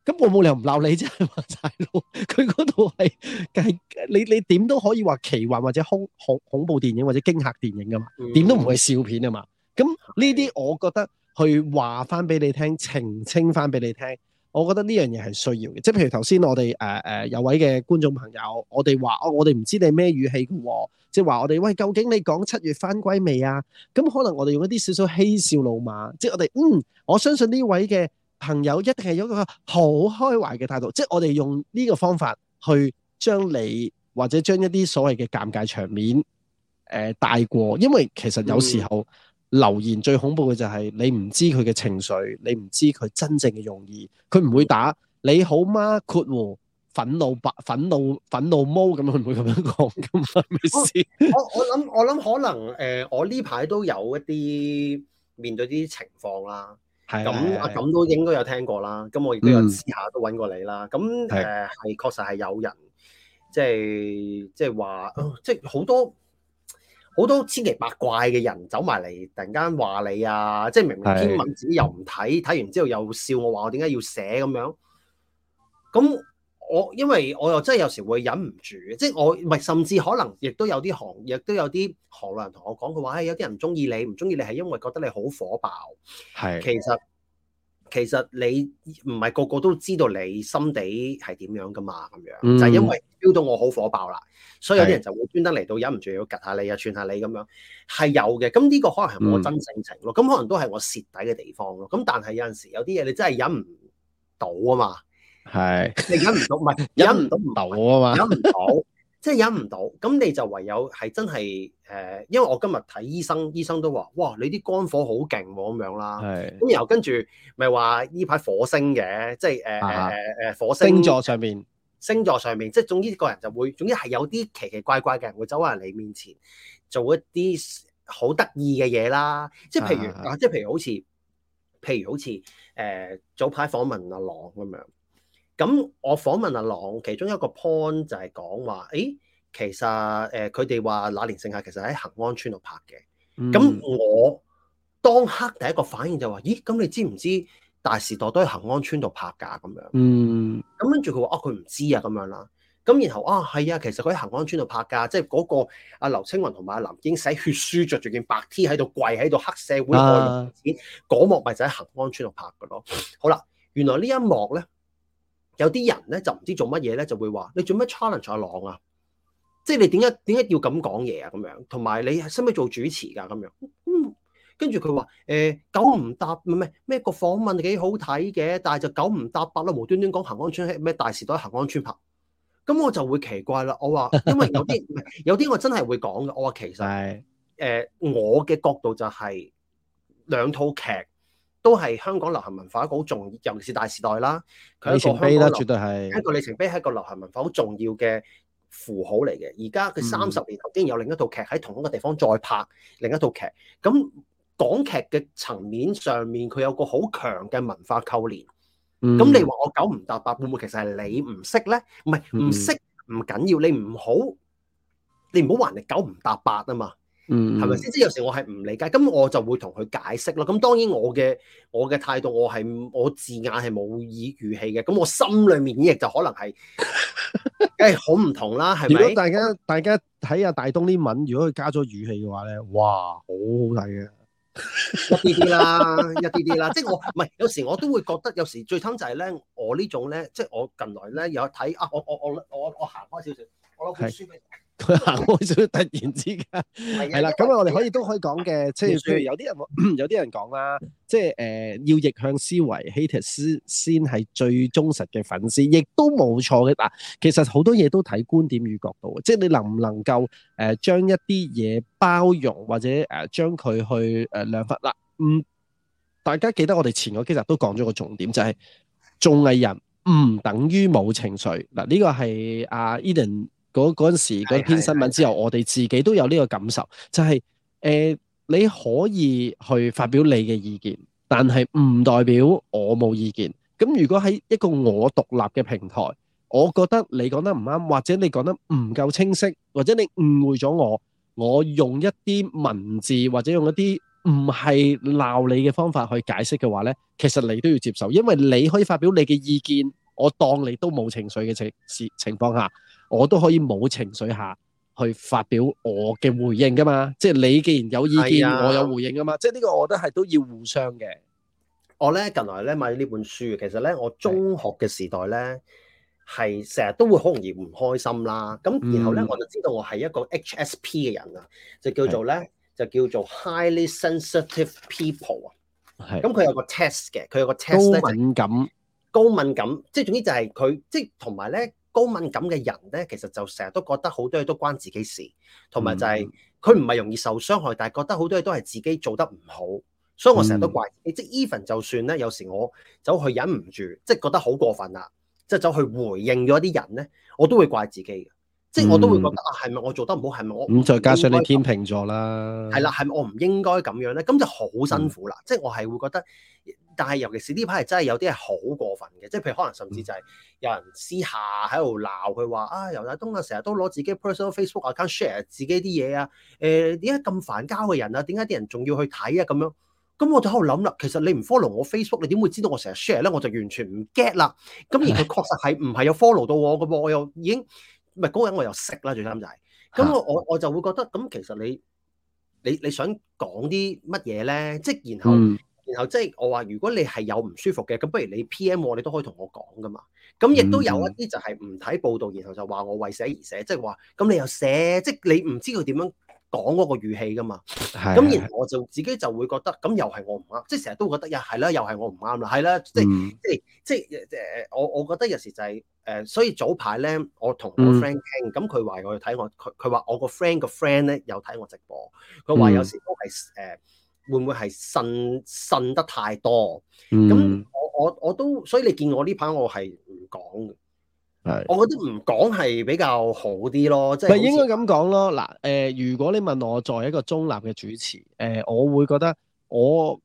咁我冇理由唔鬧你真係話晒囉，佢嗰度係計你你點都可以話奇幻或者恐恐恐怖電影或者驚吓電影噶嘛，點都唔會係笑片啊嘛，咁呢啲我覺得。去話翻俾你聽，澄清翻俾你聽，我覺得呢樣嘢係需要嘅。即係譬如頭先我哋誒、呃、有位嘅觀眾朋友，我哋話哦，我哋唔知你咩語氣嘅喎，即係話我哋喂，究竟你講七月返歸未啊？咁可能我哋用一啲少少嬉笑怒罵，即係我哋嗯，我相信呢位嘅朋友一定係有一個好開懷嘅態度，即係我哋用呢個方法去將你或者將一啲所謂嘅尷尬場面誒、呃、帶過，因為其實有時候。嗯留言最恐怖嘅就係你唔知佢嘅情緒，你唔知佢真正嘅用意。佢唔會打你好嗎括號憤怒白憤怒憤怒毛咁，這樣會唔會咁樣講咁啊？咩事？我我諗我諗可能誒、呃，我呢排都有一啲面對啲情況啦。係咁啊，咁都應該有聽過啦。咁我亦都有私下都揾過你啦。咁誒係確實係有人即係即係話，即係好多。好多千奇百怪嘅人走埋嚟，突然間話你啊，即係明明篇文自己又唔睇，睇完之後又笑我話我點解要寫咁樣？咁我因為我又真係有時會忍唔住，即係我唔甚至可能亦都有啲行，亦都有啲行內人同我講佢話，係、哎、有啲人唔中意你，唔中意你係因為覺得你好火爆，係是其實。其實你唔係個個都知道你心底係點樣噶嘛，咁樣、嗯、就因為 feel 到我好火爆啦，所以有啲人就會專登嚟到的忍唔住要趌下你啊，串下你咁樣係有嘅。咁呢個可能係我真性情咯，咁、嗯、可能都係我蝕底嘅地方咯。咁但係有陣時有啲嘢你真係忍唔到啊嘛，係的你忍唔到，唔係 忍唔到唔到啊嘛，忍唔到。即係忍唔到，咁你就唯有係真係、呃、因為我今日睇醫生，醫生都話：哇，你啲肝火好勁喎咁樣啦。咁是然後跟住咪話呢排火星嘅，即係、呃啊、火星升。星座上面。星座上面，即係總之個人就會總之係有啲奇奇怪怪嘅人，會走喺你面前做一啲好得意嘅嘢啦。即係譬如，啊啊、即係譬如好似，譬如好似、呃、早排訪問阿朗咁樣。咁我訪問阿朗，其中一個 point 就係講話，誒、欸，其實誒佢哋話那年盛夏其實喺恒安村度拍嘅。咁、嗯、我當刻第一個反應就話，咦？咁你知唔知大時代都喺恒安村度拍㗎？咁樣。嗯。咁跟住佢話，哦，佢唔知啊，咁樣啦。咁然後啊，係啊，其實佢喺恒安村度拍㗎，即係嗰個阿劉青雲同埋阿林英經使血書着住件白 T 喺度跪喺度黑社會借錢，嗰幕咪就喺恒安村度拍嘅咯。好啦，原來呢一幕咧。有啲人咧就唔知做乜嘢咧，就會話：你做咩 challenge 阿朗啊？即係你點解點解要咁講嘢啊？咁樣，同埋你係咪做主持噶？咁、嗯、樣，咁跟住佢話：誒、欸，九唔搭唔係咩個訪問幾好睇嘅，但係就九唔搭八啦，無端端講恒安村咩大時代恒安村拍。咁我就會奇怪啦。我話因為有啲有啲我真係會講嘅。我話其實誒、 呃，我嘅角度就係兩套劇。都係香港流行文化一個好重要，尤其是大時代啦。佢個里程碑啦，絕對係一個里程碑，係一個流行文化好重要嘅符號嚟嘅。而家佢三十年後，竟然有另一套劇喺同一個地方再拍另一套劇。咁港劇嘅層面上面，佢有個好強嘅文化扣連。咁你話我九唔搭八，會唔會其實係你唔識咧？唔係，唔識唔緊要，你唔好你唔好話你九唔搭八啊嘛。嗯，係咪先？即係有時我係唔理解，咁我就會同佢解釋咯。咁當然我嘅我嘅態度我係，我係我字眼係冇語語氣嘅。咁我心裏面亦就可能係誒好唔同啦，係咪 吧？如果大家大家睇下大東啲文，如果佢加咗語氣嘅話咧，哇，好好睇嘅， 一啲啲啦，一啲啲啦。即係我唔係有時我都會覺得，有時最㗎就係咧，我呢種咧，即係我近來咧有睇啊，我我我我我行開少少，我攞本書俾你。佢行開咗，突然之間，係啦，咁啊，我哋可以都可以講嘅，即係譬如有啲人有啲人講啦，即係誒要逆向思維，希特斯先係最忠實嘅粉絲，亦都冇錯嘅嗱。其實好多嘢都睇觀點與角度，即係你能唔能夠誒將一啲嘢包容或者誒將佢去誒兩分嗱。嗯，大家記得我哋前個幾集都講咗個重點，就係做藝人唔等於冇情緒嗱。呢個係阿 Eden。嗰陣時嗰篇新聞之後，我哋自己都有呢個感受，就係呃，你可以去發表你嘅意見，但係唔代表我冇意見。咁如果喺一個我獨立嘅平台，我覺得你講得唔啱，或者你講得唔夠清晰，或者你誤會咗我，我用一啲文字或者用一啲唔係鬧你嘅方法去解釋嘅話呢，其實你都要接受，因為你可以發表你嘅意見，我當你都冇情緒嘅情情況下。我都可以冇情緒下去發表我嘅回應㗎嘛，即係你既然有意見，係呀、我有回應㗎嘛，即係呢個，我覺得係都要互相嘅。我呢近來呢買呢本書，其實呢我中學嘅時代呢係成日都會好容易唔開心啦。咁然後呢、嗯、我就知道我係一個 HSP 嘅人啊，就叫做呢是就叫做 highly sensitive people 啊。係是。咁佢有個 test 嘅，佢有個 test。高敏感。係高敏感，即係總之就係佢，即係同埋呢。高敏感嘅人咧，其實就成日都覺得好多嘢都關自己事，同埋就係佢唔係容易受傷害，但係覺得好多嘢都係自己做得唔好，所以我成日都怪自己。嗯、即係 even 就算咧，有時我走去忍唔住，即係覺得好過分啦，即係走去回應咗啲人咧，我都會怪自己嘅，即係我都會覺得、嗯、啊，係咪我做得唔好？係咪我咁，再加上你天秤座啦，係啦，係咪我唔應該咁樣咧？咁就好辛苦啦，嗯、即係我係會覺得。但係尤其是呢排真係有啲係好過分嘅，即係譬如可能甚至就係有人私下喺度鬧佢話啊，游大東啊，成日都攞自己 personal Facebook account share 自己啲嘢啊，誒點解咁煩交嘅人啊？點解啲人仲要去睇啊？咁樣咁我就喺度諗啦，其實你唔 follow 我 Facebook，你點會知道我成日 share 咧？我就完全唔 get 啦。咁而佢確實係唔係有 follow 到我嘅噃？我又已經唔係嗰個人我、就是我，我又識啦。最心就係咁，我我我就會覺得咁，咁其實你你你想講啲乜嘢咧？即然後。嗯然後即係我話，如果你係有唔舒服嘅，咁不如你 P.M 我，你都可以同我講噶嘛。咁亦都有一啲就係唔睇報道，然後就話我為寫而寫，即係話，咁你又寫，即係你唔知佢點樣講嗰個語氣噶嘛。咁是的 然後我就自己就會覺得，咁又係我唔啱，即係成日都覺得又係啦，又係我唔啱啦，係啦，即係、嗯、即係即係誒誒，我我覺得有時就係、是、誒、呃，所以早排咧，我同我 friend 傾，咁佢話我要睇我，佢佢話我個 friend 個 friend 咧又睇我直播，佢話有時都係誒。嗯呃會唔會係信信得太多？咁、嗯、我我我都，所以你見我呢排我係唔講嘅，係是我覺得唔講係比較好啲咯。即係應該咁講咯嗱？誒、呃，如果你問我作為一個中立嘅主持，誒、呃，我會覺得我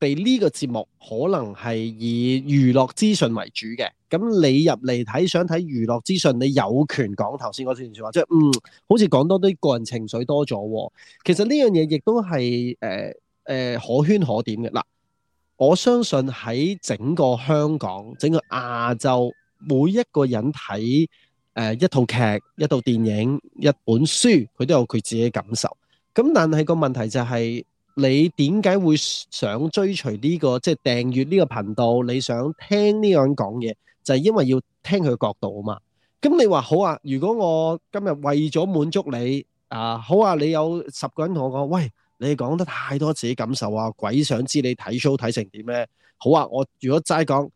哋呢個節目可能係以娛樂資訊為主嘅。咁你入嚟睇想睇娛樂資訊，你有權講頭先嗰段説話，即係嗯，好似講多啲個人情緒多咗。其實呢樣嘢亦都係誒。呃誒，可圈可點嘅嗱，我相信喺整個香港、整個亞洲，每一個人睇誒一套劇、一套電影、一本書，佢都有佢自己嘅感受。咁但係個問題就係，你點解會想追隨呢個即係訂閱呢個頻道？你想聽呢個人講嘢，就係因為要聽佢角度啊嘛。咁你話好啊，如果我今日為咗滿足你，啊，呃，好啊，你有十個人同我講，喂。你講得太多自己感受啊！鬼想知你睇 show 睇成點咩？好啊，我如果齋講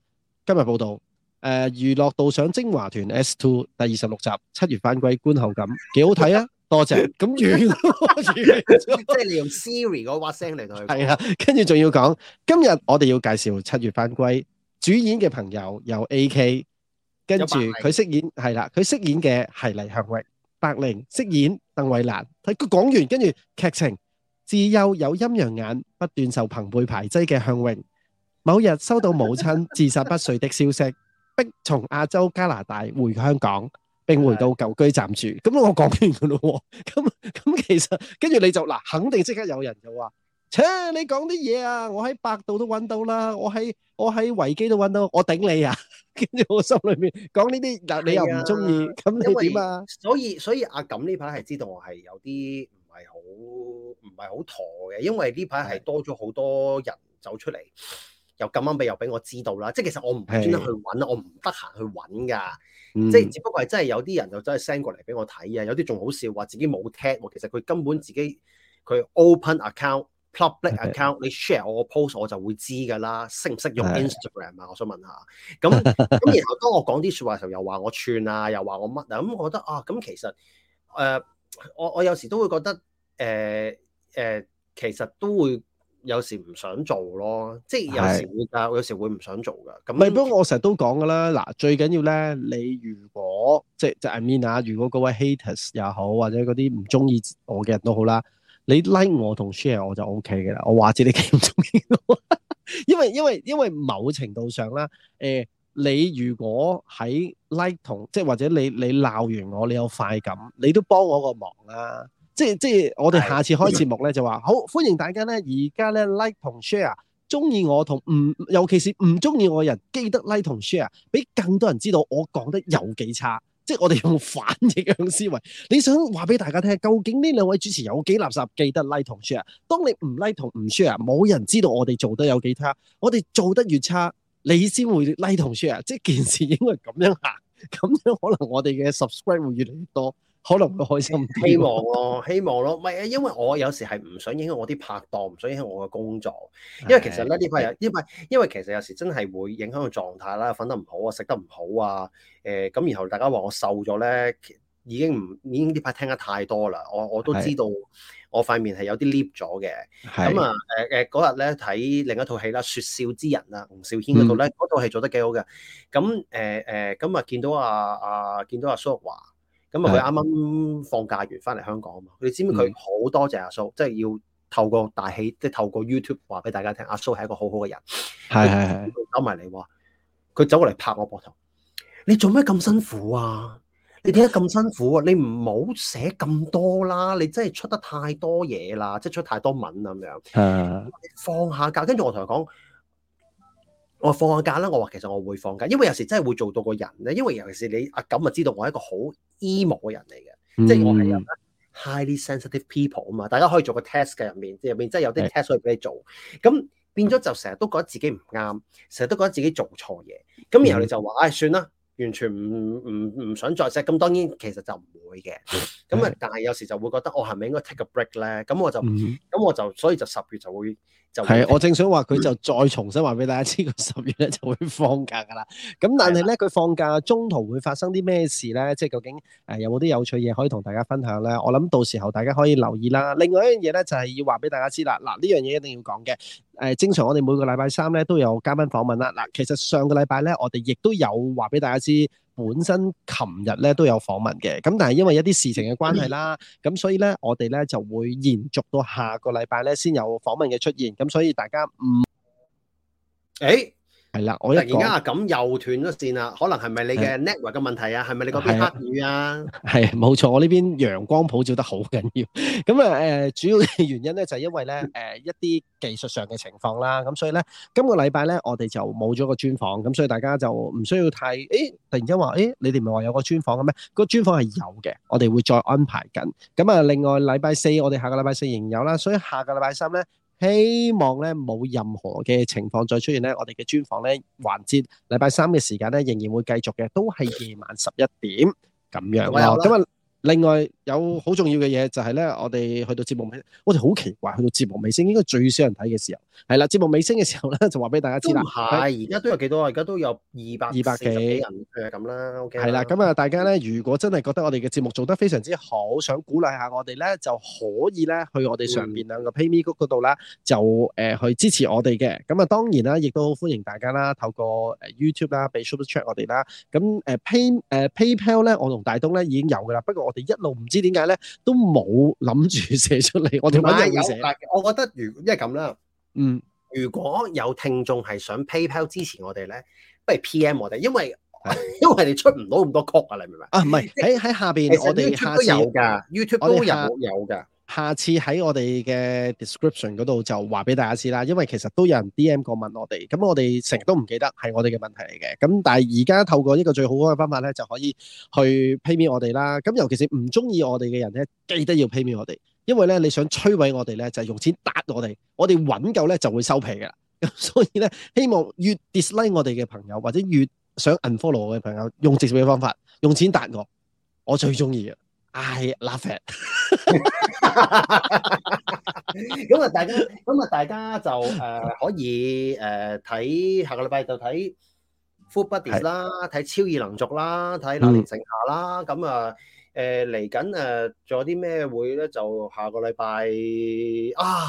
今日報道誒、呃，娛樂導賞精華團 S Two 第二十六集《七月返歸》觀後感幾好睇啊！ 多謝咁完即係你用 Siri 嗰話聲嚟到係啊，跟住仲要講今日我哋要介紹《七月返歸》主演嘅朋友有 A K，跟住佢飾演係啦，佢飾演嘅係黎向榮，白靈飾演鄧慧蘭。佢講完跟住劇情。自幼有陰陽眼，不斷受朋輩排擠嘅向榮，某日收到母親自殺不遂的消息，逼從亞洲加拿大回香港，並回到舊居暫住。咁我講完噶啦，咁咁其實跟住你就嗱，肯定即刻有人就話：切，你講啲嘢啊！我喺百度都揾到啦，我喺我喺維基都揾到，我頂你啊！跟住我心裏面講呢啲嗱，你又唔中意，咁你點啊？所以所以阿感呢排係知道我係有啲。係好唔係好妥嘅，因為呢排係多咗好多人走出嚟，的又咁啱俾又俾我知道啦。即係其實我唔係專登去揾啦，的我唔得閒去揾噶。嗯、即係只不過係真係有啲人就真係 send 過嚟俾我睇啊，有啲仲好笑話自己冇 tag 喎。其實佢根本自己佢 open account public account，的你 share 我個 post 我就會知㗎啦。識唔識用 Instagram 啊？的我想問下。咁咁然後當我講啲説話的時候，又話我串啊，又話我乜啊？咁我覺得啊，咁其實誒。呃我我有時都會覺得，誒、呃、誒、呃，其實都會有時唔想做咯，即係有時會教，的有時會唔想做噶。咁，咪不過我成日都講噶啦，嗱，最緊要咧，你如果即係即係 I mean 啊，如果嗰位 haters 也好，或者嗰啲唔中意我嘅人都好啦，你 like 我同 share 我就 O K 嘅啦。我話知你幾唔中意我 因，因為因為因為某程度上咧，誒、呃。你如果喺 like 同即係或者你你鬧完我你有快感，你都幫我個忙啦、啊。即係即係我哋下次開節目咧就話好，歡迎大家咧、like。而家咧 like 同 share，中意我同唔尤其是唔中意我嘅人，記得 like 同 share，俾更多人知道我講得有幾差。即係我哋用反應嘅思維，你想話俾大家聽，究竟呢兩位主持有幾垃圾？記得 like 同 share。當你唔 like 同唔 share，冇人知道我哋做得有幾差。我哋做得越差。你先會 like 同 share 啊，即係件事應該咁樣行，咁樣可能我哋嘅 subscribe 會越嚟越多，可能會開心啲、啊。希望咯，希望咯，唔係啊，因為我有時係唔想影響我啲拍檔，唔想影響我嘅工作，因為其實咧呢批人，的因為因為其實有時真係會影響個狀態啦，瞓得唔好啊，食得唔好啊，誒、呃、咁，然後大家話我瘦咗咧。已經唔已經呢排聽得太多啦，我我都知道我塊面係有啲裂咗嘅。咁啊誒誒嗰日咧睇另一套戲啦，是的《雪笑之人》啊，吳肇軒嗰度咧，嗰套戲做得幾好嘅。咁誒誒咁啊，見到阿阿見到阿蘇玉華，咁啊佢啱啱放假完翻嚟香港啊嘛。佢是的 知唔知佢好多謝阿蘇，嗯、即係要透過大氣，即係透過 YouTube 話俾大家聽，阿蘇係一個好好嘅人。係係係，佢走埋嚟話，佢走過嚟是的 拍我膊頭。是的 你做咩咁辛苦啊？你聽得咁辛苦喎，你唔好寫咁多啦，你真係出得太多嘢啦，即係出太多文咁樣。Uh huh. 放下假，跟住我同佢講，我放下假啦。我話其實我會放假，因為有時真係會做到個人咧。因為尤其是你阿、啊、錦啊，知道我係一個好 emo 嘅人嚟嘅，mm hmm. 即係我係有 highly sensitive people 啊嘛。大家可以做個 test 嘅入面，即係入面真係有啲 test 可以俾你做。咁變咗就成日都覺得自己唔啱，成日都覺得自己做錯嘢。咁然後你就話，唉、mm hmm. 哎，算啦。完全唔唔唔想再寫，咁當然其實就唔會嘅。咁啊，但係有時就會覺得我係咪應該 take a break 咧？咁我就，咁我就，所以就十月就會。係，我正想話佢就再重新話俾大家知，佢十月咧就會放假㗎啦。咁但係咧，佢放假中途會發生啲咩事咧？即係究竟誒有冇啲有，有趣嘢可以同大家分享咧？我諗到時候大家可以留意啦。另外一樣嘢咧，就係要話俾大家知啦。嗱，呢樣嘢一定要講嘅。誒，正常我哋每個禮拜三咧都有嘉賓訪問啦。嗱，其實上個禮拜咧，我哋亦都有話俾大家知。本身琴日咧都有訪問嘅，咁但係因為一啲事情嘅關係啦，咁所以咧我哋咧就會延續到下個禮拜咧先有訪問嘅出現，咁所以大家唔，誒。係啦，我突然間啊咁又斷咗線啦，可能係咪你嘅 network 嘅問題啊？係咪你嗰邊黑雨啊？係冇錯，我呢邊陽光普照得好緊要。咁啊誒，主要嘅原因咧就係因為咧誒一啲技術上嘅情況啦。咁所以咧今個禮拜咧我哋就冇咗個專訪，咁所以大家就唔需要太誒突然間話誒你哋唔係話有個專訪嘅咩？個專訪係有嘅，我哋會再安排緊。咁啊另外禮拜四我哋下個禮拜四仍有啦，所以下個禮拜三咧。希望呢冇任何嘅情況再出現呢，我哋嘅專訪呢環節，禮拜三嘅時間呢仍然會繼續嘅，都係夜晚十一點咁樣咯。另外有好重要嘅嘢就係咧，我哋去到節目尾，我哋好奇怪，去到節目尾聲應該最少人睇嘅時候，係啦，節目尾聲嘅時候咧，就話俾大家知啦。都唔係，而家都有幾多啊？而家都有二百二百幾人，係咁啦。OK，係啦，咁啊，大家咧，如果真係覺得我哋嘅節目做得非常之好，想鼓勵一下我哋咧，就可以咧去我哋上面兩個 PayMeGo 嗰度咧，嗯、就誒、呃、去支持我哋嘅。咁啊，當然啦，亦都好歡迎大家啦，透過誒 YouTube 啦，俾 SuperChat 我哋啦。咁誒、呃、Pay 誒 PayPal 咧，我同大東咧已經有㗎啦。不過我。你一路唔知點解咧，都冇諗住寫出嚟。我哋揾人要寫。我覺得如因為咁啦，樣嗯，如果有聽眾係想 PayPal 支持我哋咧，不如 PM 我哋，因為是的 因為你出唔到咁多曲啊，你明唔明啊？唔係喺喺下邊，的我哋都有㗎，YouTube 都有有㗎。下次喺我哋嘅 description 嗰度就話俾大家知啦，因為其實都有人 D.M 過問我哋，咁我哋成日都唔記得，係我哋嘅問題嚟嘅。咁但係而家透過一個最好嘅方法咧，就可以去 pay me 我哋啦。咁尤其是唔中意我哋嘅人咧，記得要 pay me 我哋，因為咧你想摧毀我哋咧，就係、用錢打我哋。我哋揾夠咧就會收皮㗎啦。咁所以咧，希望越 dislike 我哋嘅朋友，或者越想 unfollow 我嘅朋友，用直接嘅方法，用錢打我，我最中意嘅。I love it。咁啊，大家咁啊，大家就誒可以誒睇下個禮拜就睇《Full Buddies》啦，睇《超異能族》啦，睇《那年盛夏》啦。咁啊誒嚟緊誒仲有啲咩會咧？就下個禮拜啊，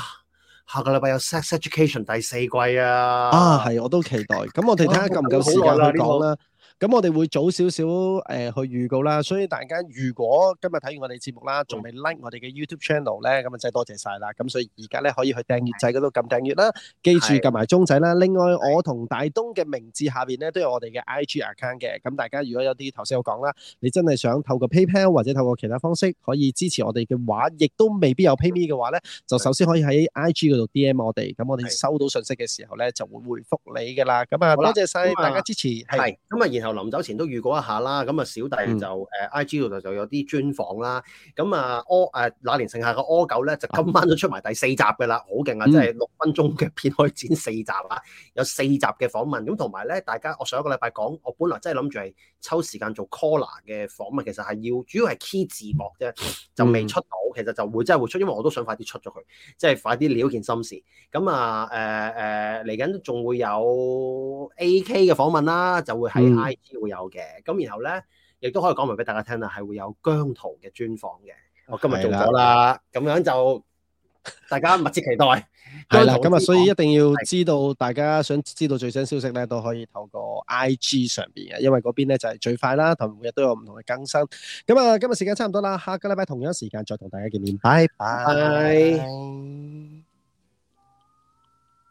下個禮拜有《Sex Education》第四季啊。啊，係，我都期待。咁我哋睇下夠唔夠時間去講啦。咁我哋會早少少誒去預告啦，所以大家如果今日睇完我哋節目啦，仲未 like 我哋嘅 YouTube channel 咧，咁啊真係多謝曬啦。咁所以而家咧可以去訂閱仔嗰度撳訂閱啦，記住撳埋鐘仔啦。另外，我同大東嘅名字下邊咧都有我哋嘅 IG account 嘅。咁大家如果有啲頭先我講啦，你真係想透過 PayPal 或者透過其他方式可以支持我哋嘅話，亦都未必有 PayMe 嘅話咧，就首先可以喺 IG 嗰度 DM 我哋，咁我哋收到信息嘅時候咧就會回覆你嘅啦。咁啊，多謝曬大家支持。係。咁啊，然後。又臨走前都預告一下啦，咁啊小弟就 IG 度就有啲專訪啦，咁啊柯、啊、那年盛夏嘅柯九咧，就今晚都出埋第四集嘅啦，好勁啊！嗯、即係六分鐘嘅片可以剪四集啦，有四集嘅訪問。咁同埋咧，大家我上一個禮拜講，我本來真係諗住係抽時間做 c o l l a 嘅訪問，其實係要主要係 key 字幕啫，就未出到，其實就會真係會出，因為我都想快啲出咗佢，即係快啲了件心事。咁啊嚟緊仲會有 AK 嘅訪問啦，就會喺 I 會有嘅，咁然後咧，亦都可以講埋俾大家聽啦，係會有姜濤嘅專訪嘅。我今日做咗啦，咁樣就大家密切期待。係啦，咁啊，所以一定要知道，大家想知道最新消息咧，都可以透過 IG 上邊嘅，因為嗰邊咧就係最快啦，同每日都有唔同嘅更新。咁啊，今日時間差唔多啦，下個禮拜同樣時間再同大家見面，拜拜。